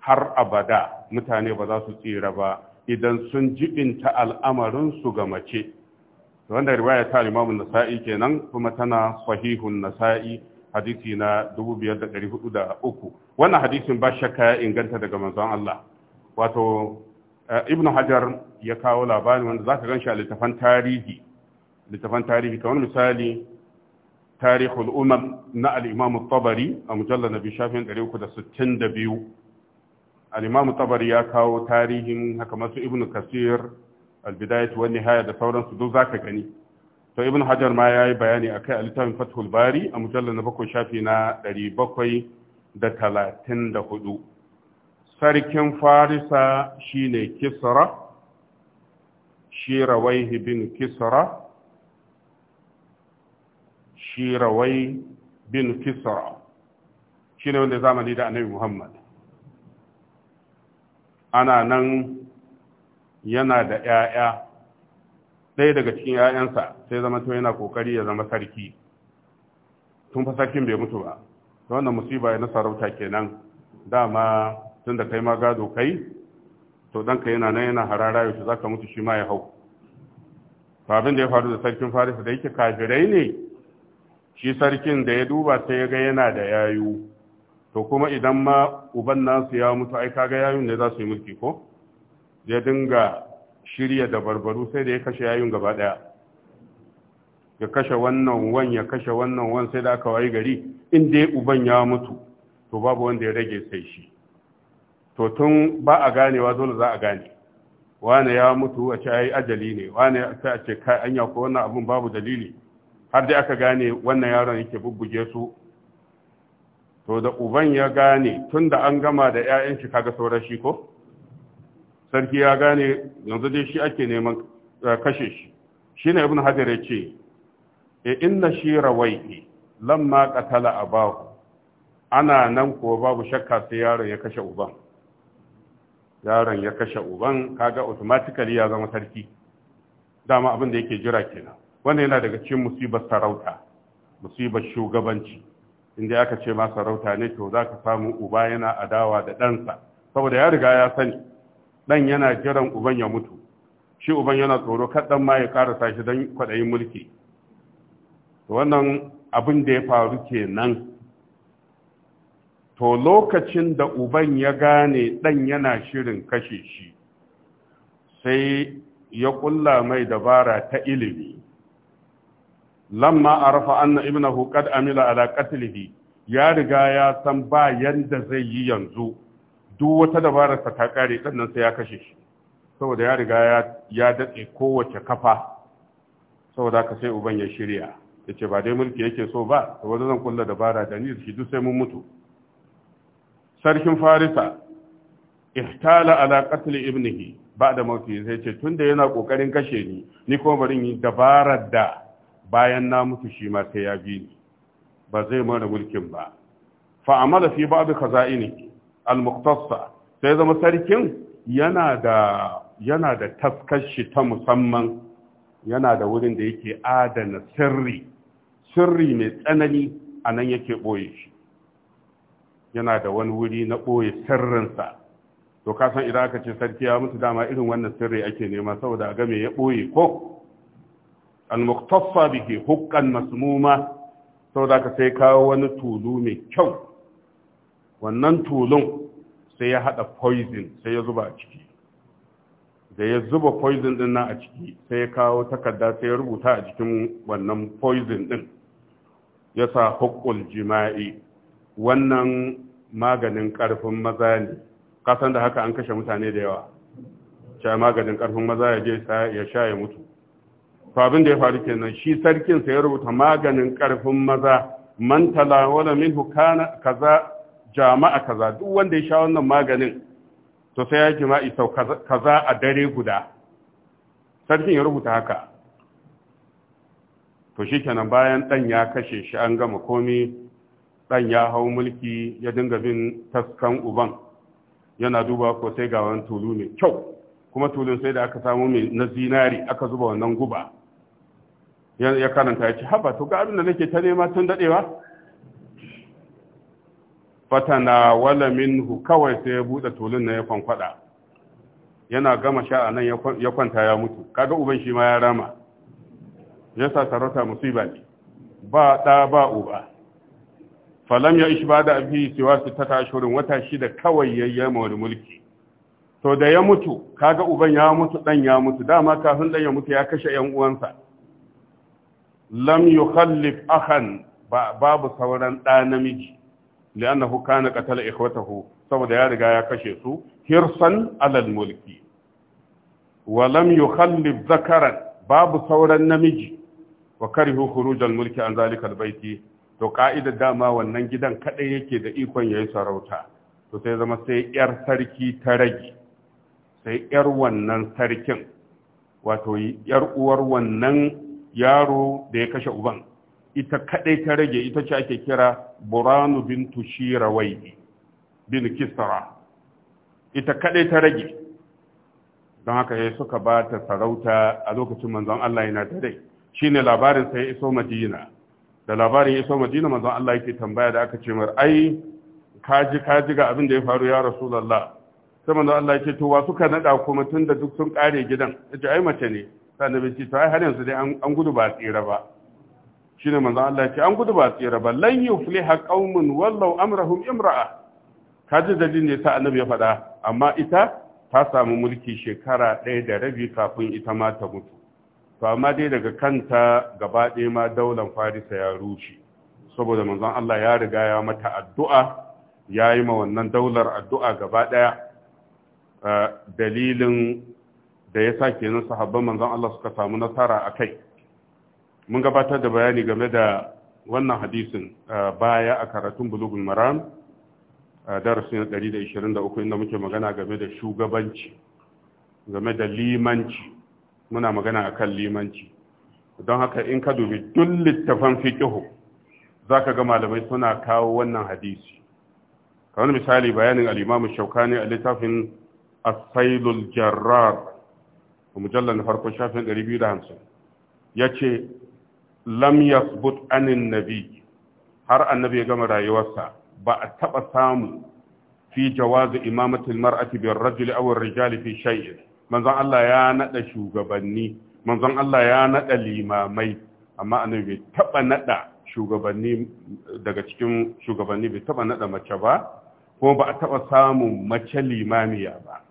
har abada mutane ba za su tsira ba idan sun jibinta al'amarin su ga mace wanda riwaya ta Imam Nasa'i kenan kuma tana sahihun Nasa'i hadisi na 5403 wannan hadisin ba shakka ya inganta daga manzon Allah wato eh, ibn hajar ya kawo labarin wanda zaka ganshi a littafan tarihi littafan tarihi kamar misali tarihul umam na al-imam at-tabari a mujallal nabi shafin 362 al-imam at-tabari ya kawo tarihin haka masu ibn kasir al-bidayah wa nihaya da sauransu duk zaka gani to ibn hajar ma ya yi bayani akai a littafin fathul bari a mujallar na bakwai shafi na 734 da talatin da hudu sarkin farisa shine kisra shi rawaihi bin kisra shi rawai bin kisra shi ne wanda zamani da annabi muhammad ana nan yana da 'ya'ya Sai daga cikin 'ya'yansa sai zama to yana kokari ya zama sarki tun fa sarkin bai mutu ba wannan musiba na sarauta kenan dama tun da kai ma gado kai to ɗanka yana nan yana harara yau za ka mutu shi ma ya hau abin da ya faru da sarkin farisa da yake kafirai ne shi sarkin da ya duba sai ya ga yana da yayu to kuma idan ma uban nasu ya mutu ai kaga yayun ne za su yi mulki ko ya dinga shirya da barbaru sai da ya kashe yayun gaba daya ya kashe wannan wan ya kashe wannan wan sai da aka wayi gari in dai uban ya mutu to babu wanda ya rage sai shi to tun ba a ganewa dole za a gane wane ya mutu a ce ai ajali ne wane sai a ce kai anya ko wannan abun babu dalili har dai aka gane wannan yaron yake bubbuge su to da uban ya gane tunda an gama da 'ya'yan shi kaga sauran shi ko sarki ya gane yanzu dai shi ake neman eh, kashe shi Shi shine ibn hajar yace e inna shi rawaihi lamma a bahu ana nan ko babu shakka sai yaron ya kashe uban yaron ya kashe uban kaga automatically ya zama sarki dama abin da yake jira kenan wannan yana daga cikin musibar sarauta musibar shugabanci inda aka ce ma sarauta ne to zaka samu uba yana adawa da ɗansa saboda ya riga ya sani dan yana jiran uban ya mutu shi uban yana tsoro kaɗan ma ya ƙarasa shi don kwaɗayin mulki wannan abin da ya faru kenan to lokacin da uban ya gane dan yana shirin kashe shi sai ya ƙulla mai dabara ta ilimi lamma a rafa anna ibnahu qad amila ala qatlihi ya riga ya san ba yanda zai yi yanzu duk wata dabararsa ta kare sannan sai ya kashe shi saboda ya riga ya datse kowace kafa saboda ka sai uban ya shirya ya ba dai mulki yake so ba da wani zan kulla dabara da ni shi duk sai mun mutu sarkin farisa ihtala ala qatl ibnihi da mafi sai ce tunda yana kokarin kashe ni ni kuma bari yi dabarar da bayan na mutu shi ma sai ya bi ni ba zai mara mulkin ba fa amala fi ba'd khaza'inihi al-muqtasa sai zama sarkin yana da yana da taskashi ta musamman yana da wurin da yake adana sirri sirri mai tsanani a nan yake ɓoye shi yana da wani wuri na ɓoye sirrinsa to kasan idan aka ce sarki ya mutu dama irin wannan sirri ake nema saboda a game ya ɓoye ko al muqtasa bihi hukkan masmuma saboda ka sai kawo wani tulu mai kyau wannan tulun sai ya haɗa poison sai ya zuba a ciki da ya zuba poison din na a ciki sai ya kawo takarda sai ya rubuta a jikin wannan poison ɗin. ya sa hukul jima'i wannan maganin karfin maza ne kasan da haka an kashe mutane da yawa sha maganin karfin maza ya je ya sha ya mutu to abin da ya faru kenan shi sarkin sai ya rubuta maganin karfin maza man talawala minhu kana kaza jama'a kaza duk wanda ya sha wannan maganin to sai ya jima'i sau kaza a dare guda sarkin ya rubuta haka to nan, bayan dan ya kashe shi an gama komi dan ya hau mulki ya dinga bin taskan uban yana duba ko sai ga wani tulu mai kyau kuma tulun sai da aka samu mai na zinari aka zuba wannan guba ya karanta ya ce haba to ga abin da nake ta nema tun dadewa fatana wala minhu kawai sai ya bude tulun na ya kwankwada yana gama sha anan ya kwanta ya mutu kaga uban shi ma ya rama ya sa sarauta musiba ne ba da ba uba falam ya ishi ba da abi cewa su ta tashurin wata shida kawai yayya mawar mulki to da ya mutu kaga uban ya mutu dan ya mutu dama kafin dan ya mutu ya kashe yan uwansa lam yukhallif akhan babu sauran ɗa namiji li'annahu kana qatala ikhwatahu saboda ya riga ya kashe su hirsan alal mulki wa lam zakaran babu sauran namiji wa karihu khuruj al mulki an baiti to ka'idar dama wannan gidan kadai yake da ikon yayi sarauta to zama sai yar sarki ta rage sai yar wannan sarkin wato yar uwar wannan yaro da ya kashe uban ita kadai ta rage ita ce ake kira buranu bintu wai bin kisra ita kadai ta rage don haka ya suka ba ta sarauta a lokacin manzon Allah yana ta dai shine labarin sai iso madina da labarin iso madina manzon Allah yake tambaya da aka ce mar ai kaji kaji ga abin da ya faru ya rasulullah sai manzon Allah yake to wa suka nada kuma tunda duk sun kare gidan ce ai mace ne sai annabi ce ai har yanzu dai an gudu ba tsira ba shine manzo Allah ce an gudu ba tsira ba lan yufliha qaumun wallau amrahum imra'a kaji dalilin ne sa annabi ya faɗa amma ita ta samu mulki shekara ɗaya da rabi kafin ita ma ta mutu to amma dai daga kanta gaba ɗaya ma daular farisa ya rushe saboda manzon Allah ya riga ya mata addu'a ya yi ma wannan daular addu'a gaba ɗaya eh, dalilin da ya sa kenan sahabban manzon Allah suka samu nasara a kai mun gabatar da bayani game da wannan hadisin baya a karatun bulugun maram darasin 123 inda muke magana game da shugabanci game da limanci muna magana a kan limanci don haka in ka dubi duk littafan za ka ga malamai suna kawo wannan hadisi Ka wani misali bayanin alimamu shauka ne a littafin Asailul Jarrar, a mujallar na farko shafin 250 ce. lam yasbut anin nabi har annabi ya gama rayuwarsa ba a taba samu fi jawazi imamatul mar'ati bir rajuli aw ar-rijali fi shay'in manzon Allah ya nada shugabanni manzon Allah ya nada limamai amma annabi bai taba nada shugabanni daga cikin shugabanni bai taba nada mace ba kuma ba a taba samun mace limamiya ba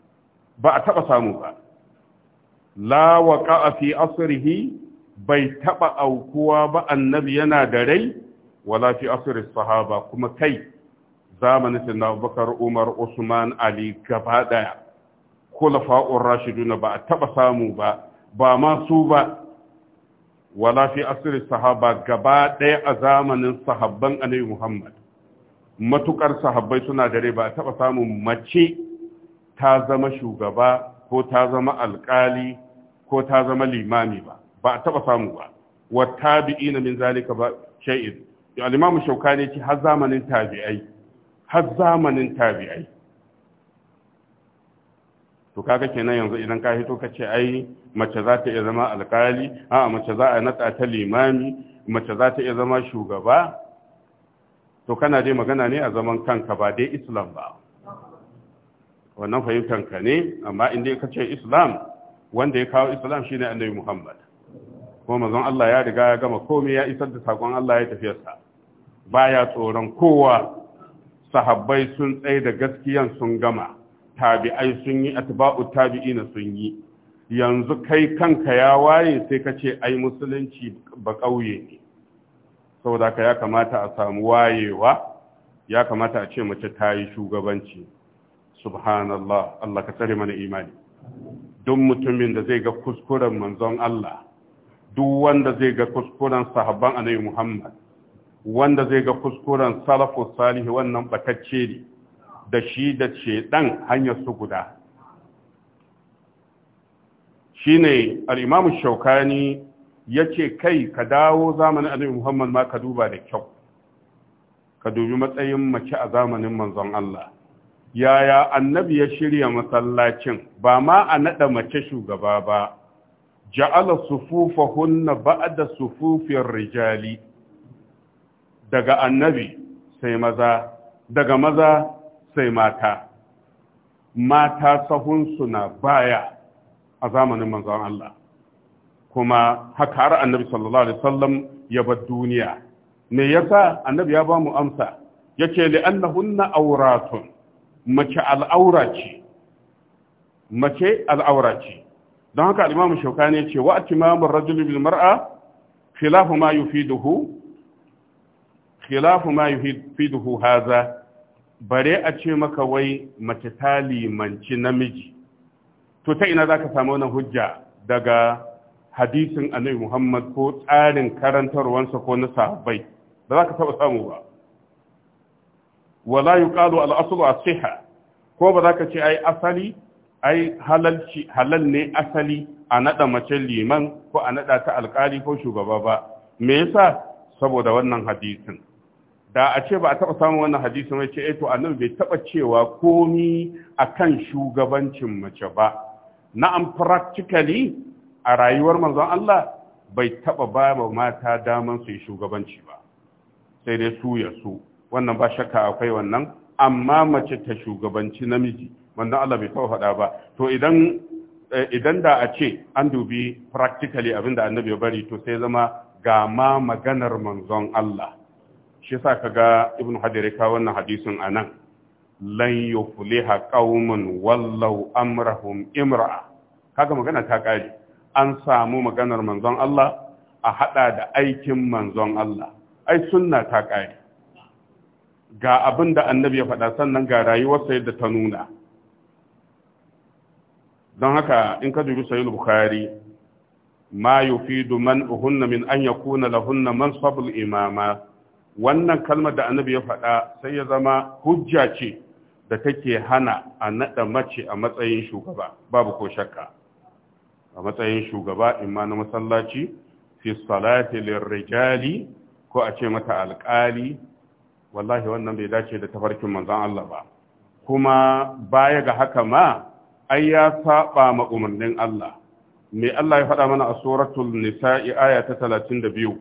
ba a taba samu ba la waqa'a fi asrihi bai taɓa aukuwa ba annabi yana da rai wala fi asirin sahaba kuma kai zamanin sinna bakar umar usman ali gaba ɗaya kulafa'un rashiduna ba a taɓa samu ba ba ma su ba wala fi asirin sahaba gaba ɗaya a zamanin sahabban annabi muhammad matukar sahabbai suna da rai ba a taɓa samun mace ta zama shugaba ko ta zama alƙali ko ta zama limami ba ba a taba samu ba wa tabi'ina min zalika ba shay'in al-imam shaukani ce har zamanin tabi'ai har zamanin tabi'ai to kaga kenan yanzu idan ka hito kace ce ai mace za ta iya zama alkali a mace za a natsa ta limami mace za ta iya zama shugaba to kana dai magana ne a zaman kanka ba dai islam ba wannan ka ne amma in dai ka ce islam wanda ya kawo islam shine annabi muhammad ko mazan Allah ya riga ya gama komai ya isar da sakon Allah ya tafiyarsa baya tsoron kowa sahabbai sun tsaye da gaskiyan sun gama tabi'ai sun yi atba'u tabi'ina sun yi yanzu kai kanka ya waye sai ka ce ai musulunci ba ƙauye ne saboda ka ya kamata a samu wayewa ya kamata a ce mace ta yi shugabanci subhanallah Allah ka tsare mana imani duk mutumin da zai ga kuskuren manzon Allah duk wanda zai ga kuskuren sahabban annabi Muhammad wanda zai ga kuskuren salafu salihi wannan batacce ne da shi da ce ɗan hanyar su guda shine al-Imam Shawkani yace kai ka dawo zamanin annabi Muhammad ma ka duba da kyau ka dubi matsayin mace a zamanin manzon Allah yaya annabi ya shirya masallacin ba ma a nada mace shugaba ba ja'ala sufufahunna ba'da sufufin rijali daga annabi sai maza daga maza sai mata mata sahunsu na baya a zamanin manzon Allah kuma haka har annabi sallallahu alaihi wasallam ya bar duniya me yasa annabi ya ba mu amsa yake li annahunna auratun mace al'aura ce mace al'aura ce don haka al-imamu ne ce wa atimamur rajuli bil mar'a khilafu ma yufiduhu khilafu ma yufiduhu haza bare a ce maka wai mace ta limanci namiji to ta ina zaka samu wannan hujja daga hadisin annabi Muhammad ko tsarin karantarwansa ko na sahabbai ba za ka taɓa samu ba wala yuqalu al-aslu as-sihha ko ba za ka ce ai asali ai halalci halal ne asali a naɗa mace liman ko a nada ta alkali ko shugaba ba me yasa saboda wannan hadisin da a ce ba a taba samun wannan hadisi mai ce eh, to annabi bai taba cewa komi akan shugabancin mace ba na'am practically a rayuwar manzon Allah bai taba ba mata daman su yi shugabanci ba sai dai su ya su wannan ba shakka akwai wannan amma mace ta shugabanci namiji wanda Allah bai taɓa faɗa ba to idan eh, idan da a ce an dubi practically abin da annabi ya bari to sai zama ga ma maganar manzon Allah shi ka ga ibn hajar ya kawo wannan hadisin anan lan yufliha qaumun wallau amrahum imra'a kaga magana ta kare an samu maganar manzon Allah a hada da aikin manzon Allah ai sunna ta kare ga abin da annabi ya faɗa sannan ga rayuwarsa yadda ta nuna don haka in ka dubi sahih bukhari ma yufidu man uhunna min an yakuna lahunna mansabul imama wannan kalmar da annabi ya faɗa sai ya zama hujja ce da take hana a naɗa mace a matsayin shugaba babu ko shakka a matsayin shugaba imma na masallaci fi salati lirrijali ko a ce mata alƙali wallahi wannan bai dace da tafarkin manzon Allah ba kuma baya ga haka ma ai ya saba ma umarnin Allah me Allah ya faɗa mana a suratul nisa'i aya ta 32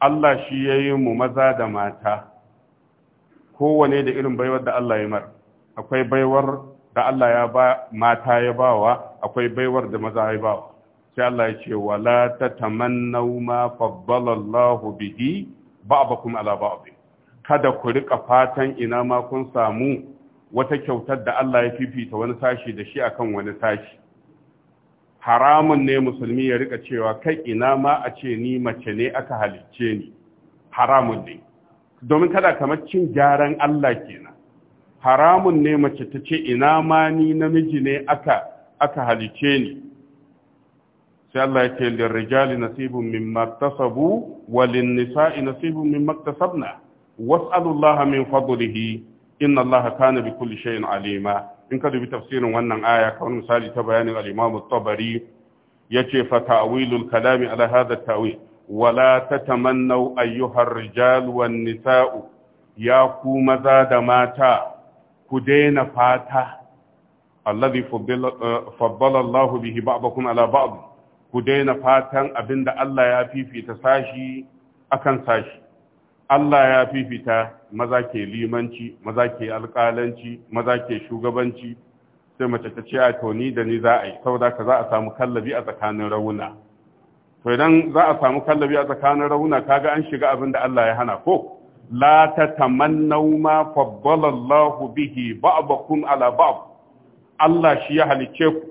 Allah shi yayi mu maza da mata kowane da irin baiwar da Allah ya mar akwai baiwar da Allah ya ba mata ya bawa akwai baiwar da maza ya bawa sai Allah ya ce wala tatamannaw ma faddala Allahu bihi ba'dakum ala ba'd kada ku rika fatan ina ma kun samu wata kyautar da Allah ya fifita wani sashi da shi akan wani sashi haramun ne musulmi ya rika cewa kai ina ma a ce ni mace ne aka halicce ni haramun ne domin kada kamar cin gyaran Allah kenan haramun ne mace ta ce ina ma ni namiji ne aka aka halicce ni sai Allah ya ce lirrijali nasibun mimma tasabu wa nisa'i nasibun mimma tasabna was'alullaha min fadlihi inna allaha kana kulli shay'in alima in ka dubi tafsirin wannan aya kamar misali ta bayanin al-imam at-tabari yace fa ta'wilul kalami ala hadha at-ta'wil wala tatamannu ayyuha ar-rijal nisa'u ya ku maza da mata ku daina fata alladhi eh, faddala Allahu bihi ba'dakum ala ku daina fatan abin da Allah ya fifita sashi akan sashi Allah ya fifita maza ke limanci maza ke alƙalanci maza ke shugabanci sai mace ta ce a ni da ni za a yi saboda ka za a samu kallabi a tsakanin rauna to idan za a samu kallabi a tsakanin rauna ga an shiga abin da Allah ya hana ko la tatamannaw ma faddala Allah bihi ba ala ba'ab. Allah shi ya halice ku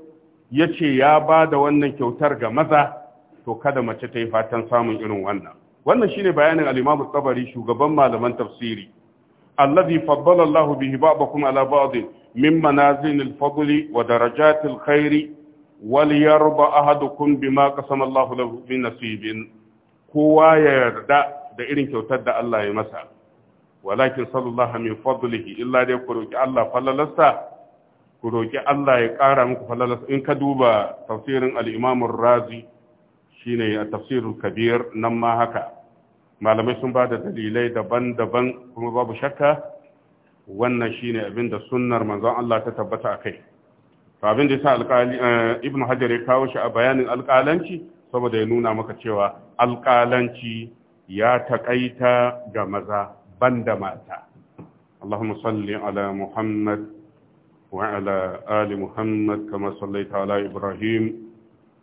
Ya ce ya ba da wannan kyautar ga maza to kada mace ta yi fatan samun irin wannan wannan shine bayanin al-Imam tabari shugaban malaman tafsiri allazi faddala Allahu bihi ba'dakum ala ba'd min manazil al-fadli wa darajat al-khair wal yarba ahadukum bima qasama Allahu lahu min nasibin kowa ya yarda da irin kyautar da Allah ya masa walakin sallallahu min fadlihi illa dai ku roki Allah falalasta ku roki Allah ya kara muku falalasta in ka duba tafsirin al-Imam razi shine a tafsirul kabir nan ma haka malamai sun ba da dalilai daban-daban kuma babu shakka wannan shine abin da sunnar manzon Allah ta tabbata akai to abin da yasa alƙali eh, ibnu hajar ya kawo shi a bayanin alƙalanci saboda ya nuna maka cewa alƙalanci ya taƙaita ga maza banda mata اللهم صل على محمد وعلى آل محمد كما صليت على إبراهيم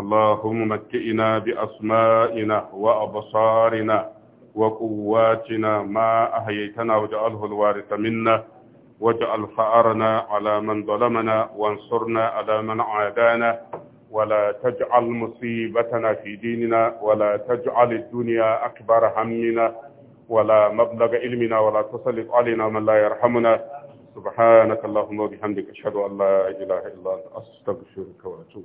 اللهم متئنا بأسمائنا وأبصارنا وقواتنا ما أهيتنا وجعله الوارث منا واجعل فأرنا على من ظلمنا وانصرنا على من عادانا ولا تجعل مصيبتنا في ديننا ولا تجعل الدنيا أكبر همنا ولا مبلغ علمنا ولا تسلط علينا من لا يرحمنا سبحانك اللهم وبحمدك أشهد أن لا إله إلا أنت أستغفرك وأتوب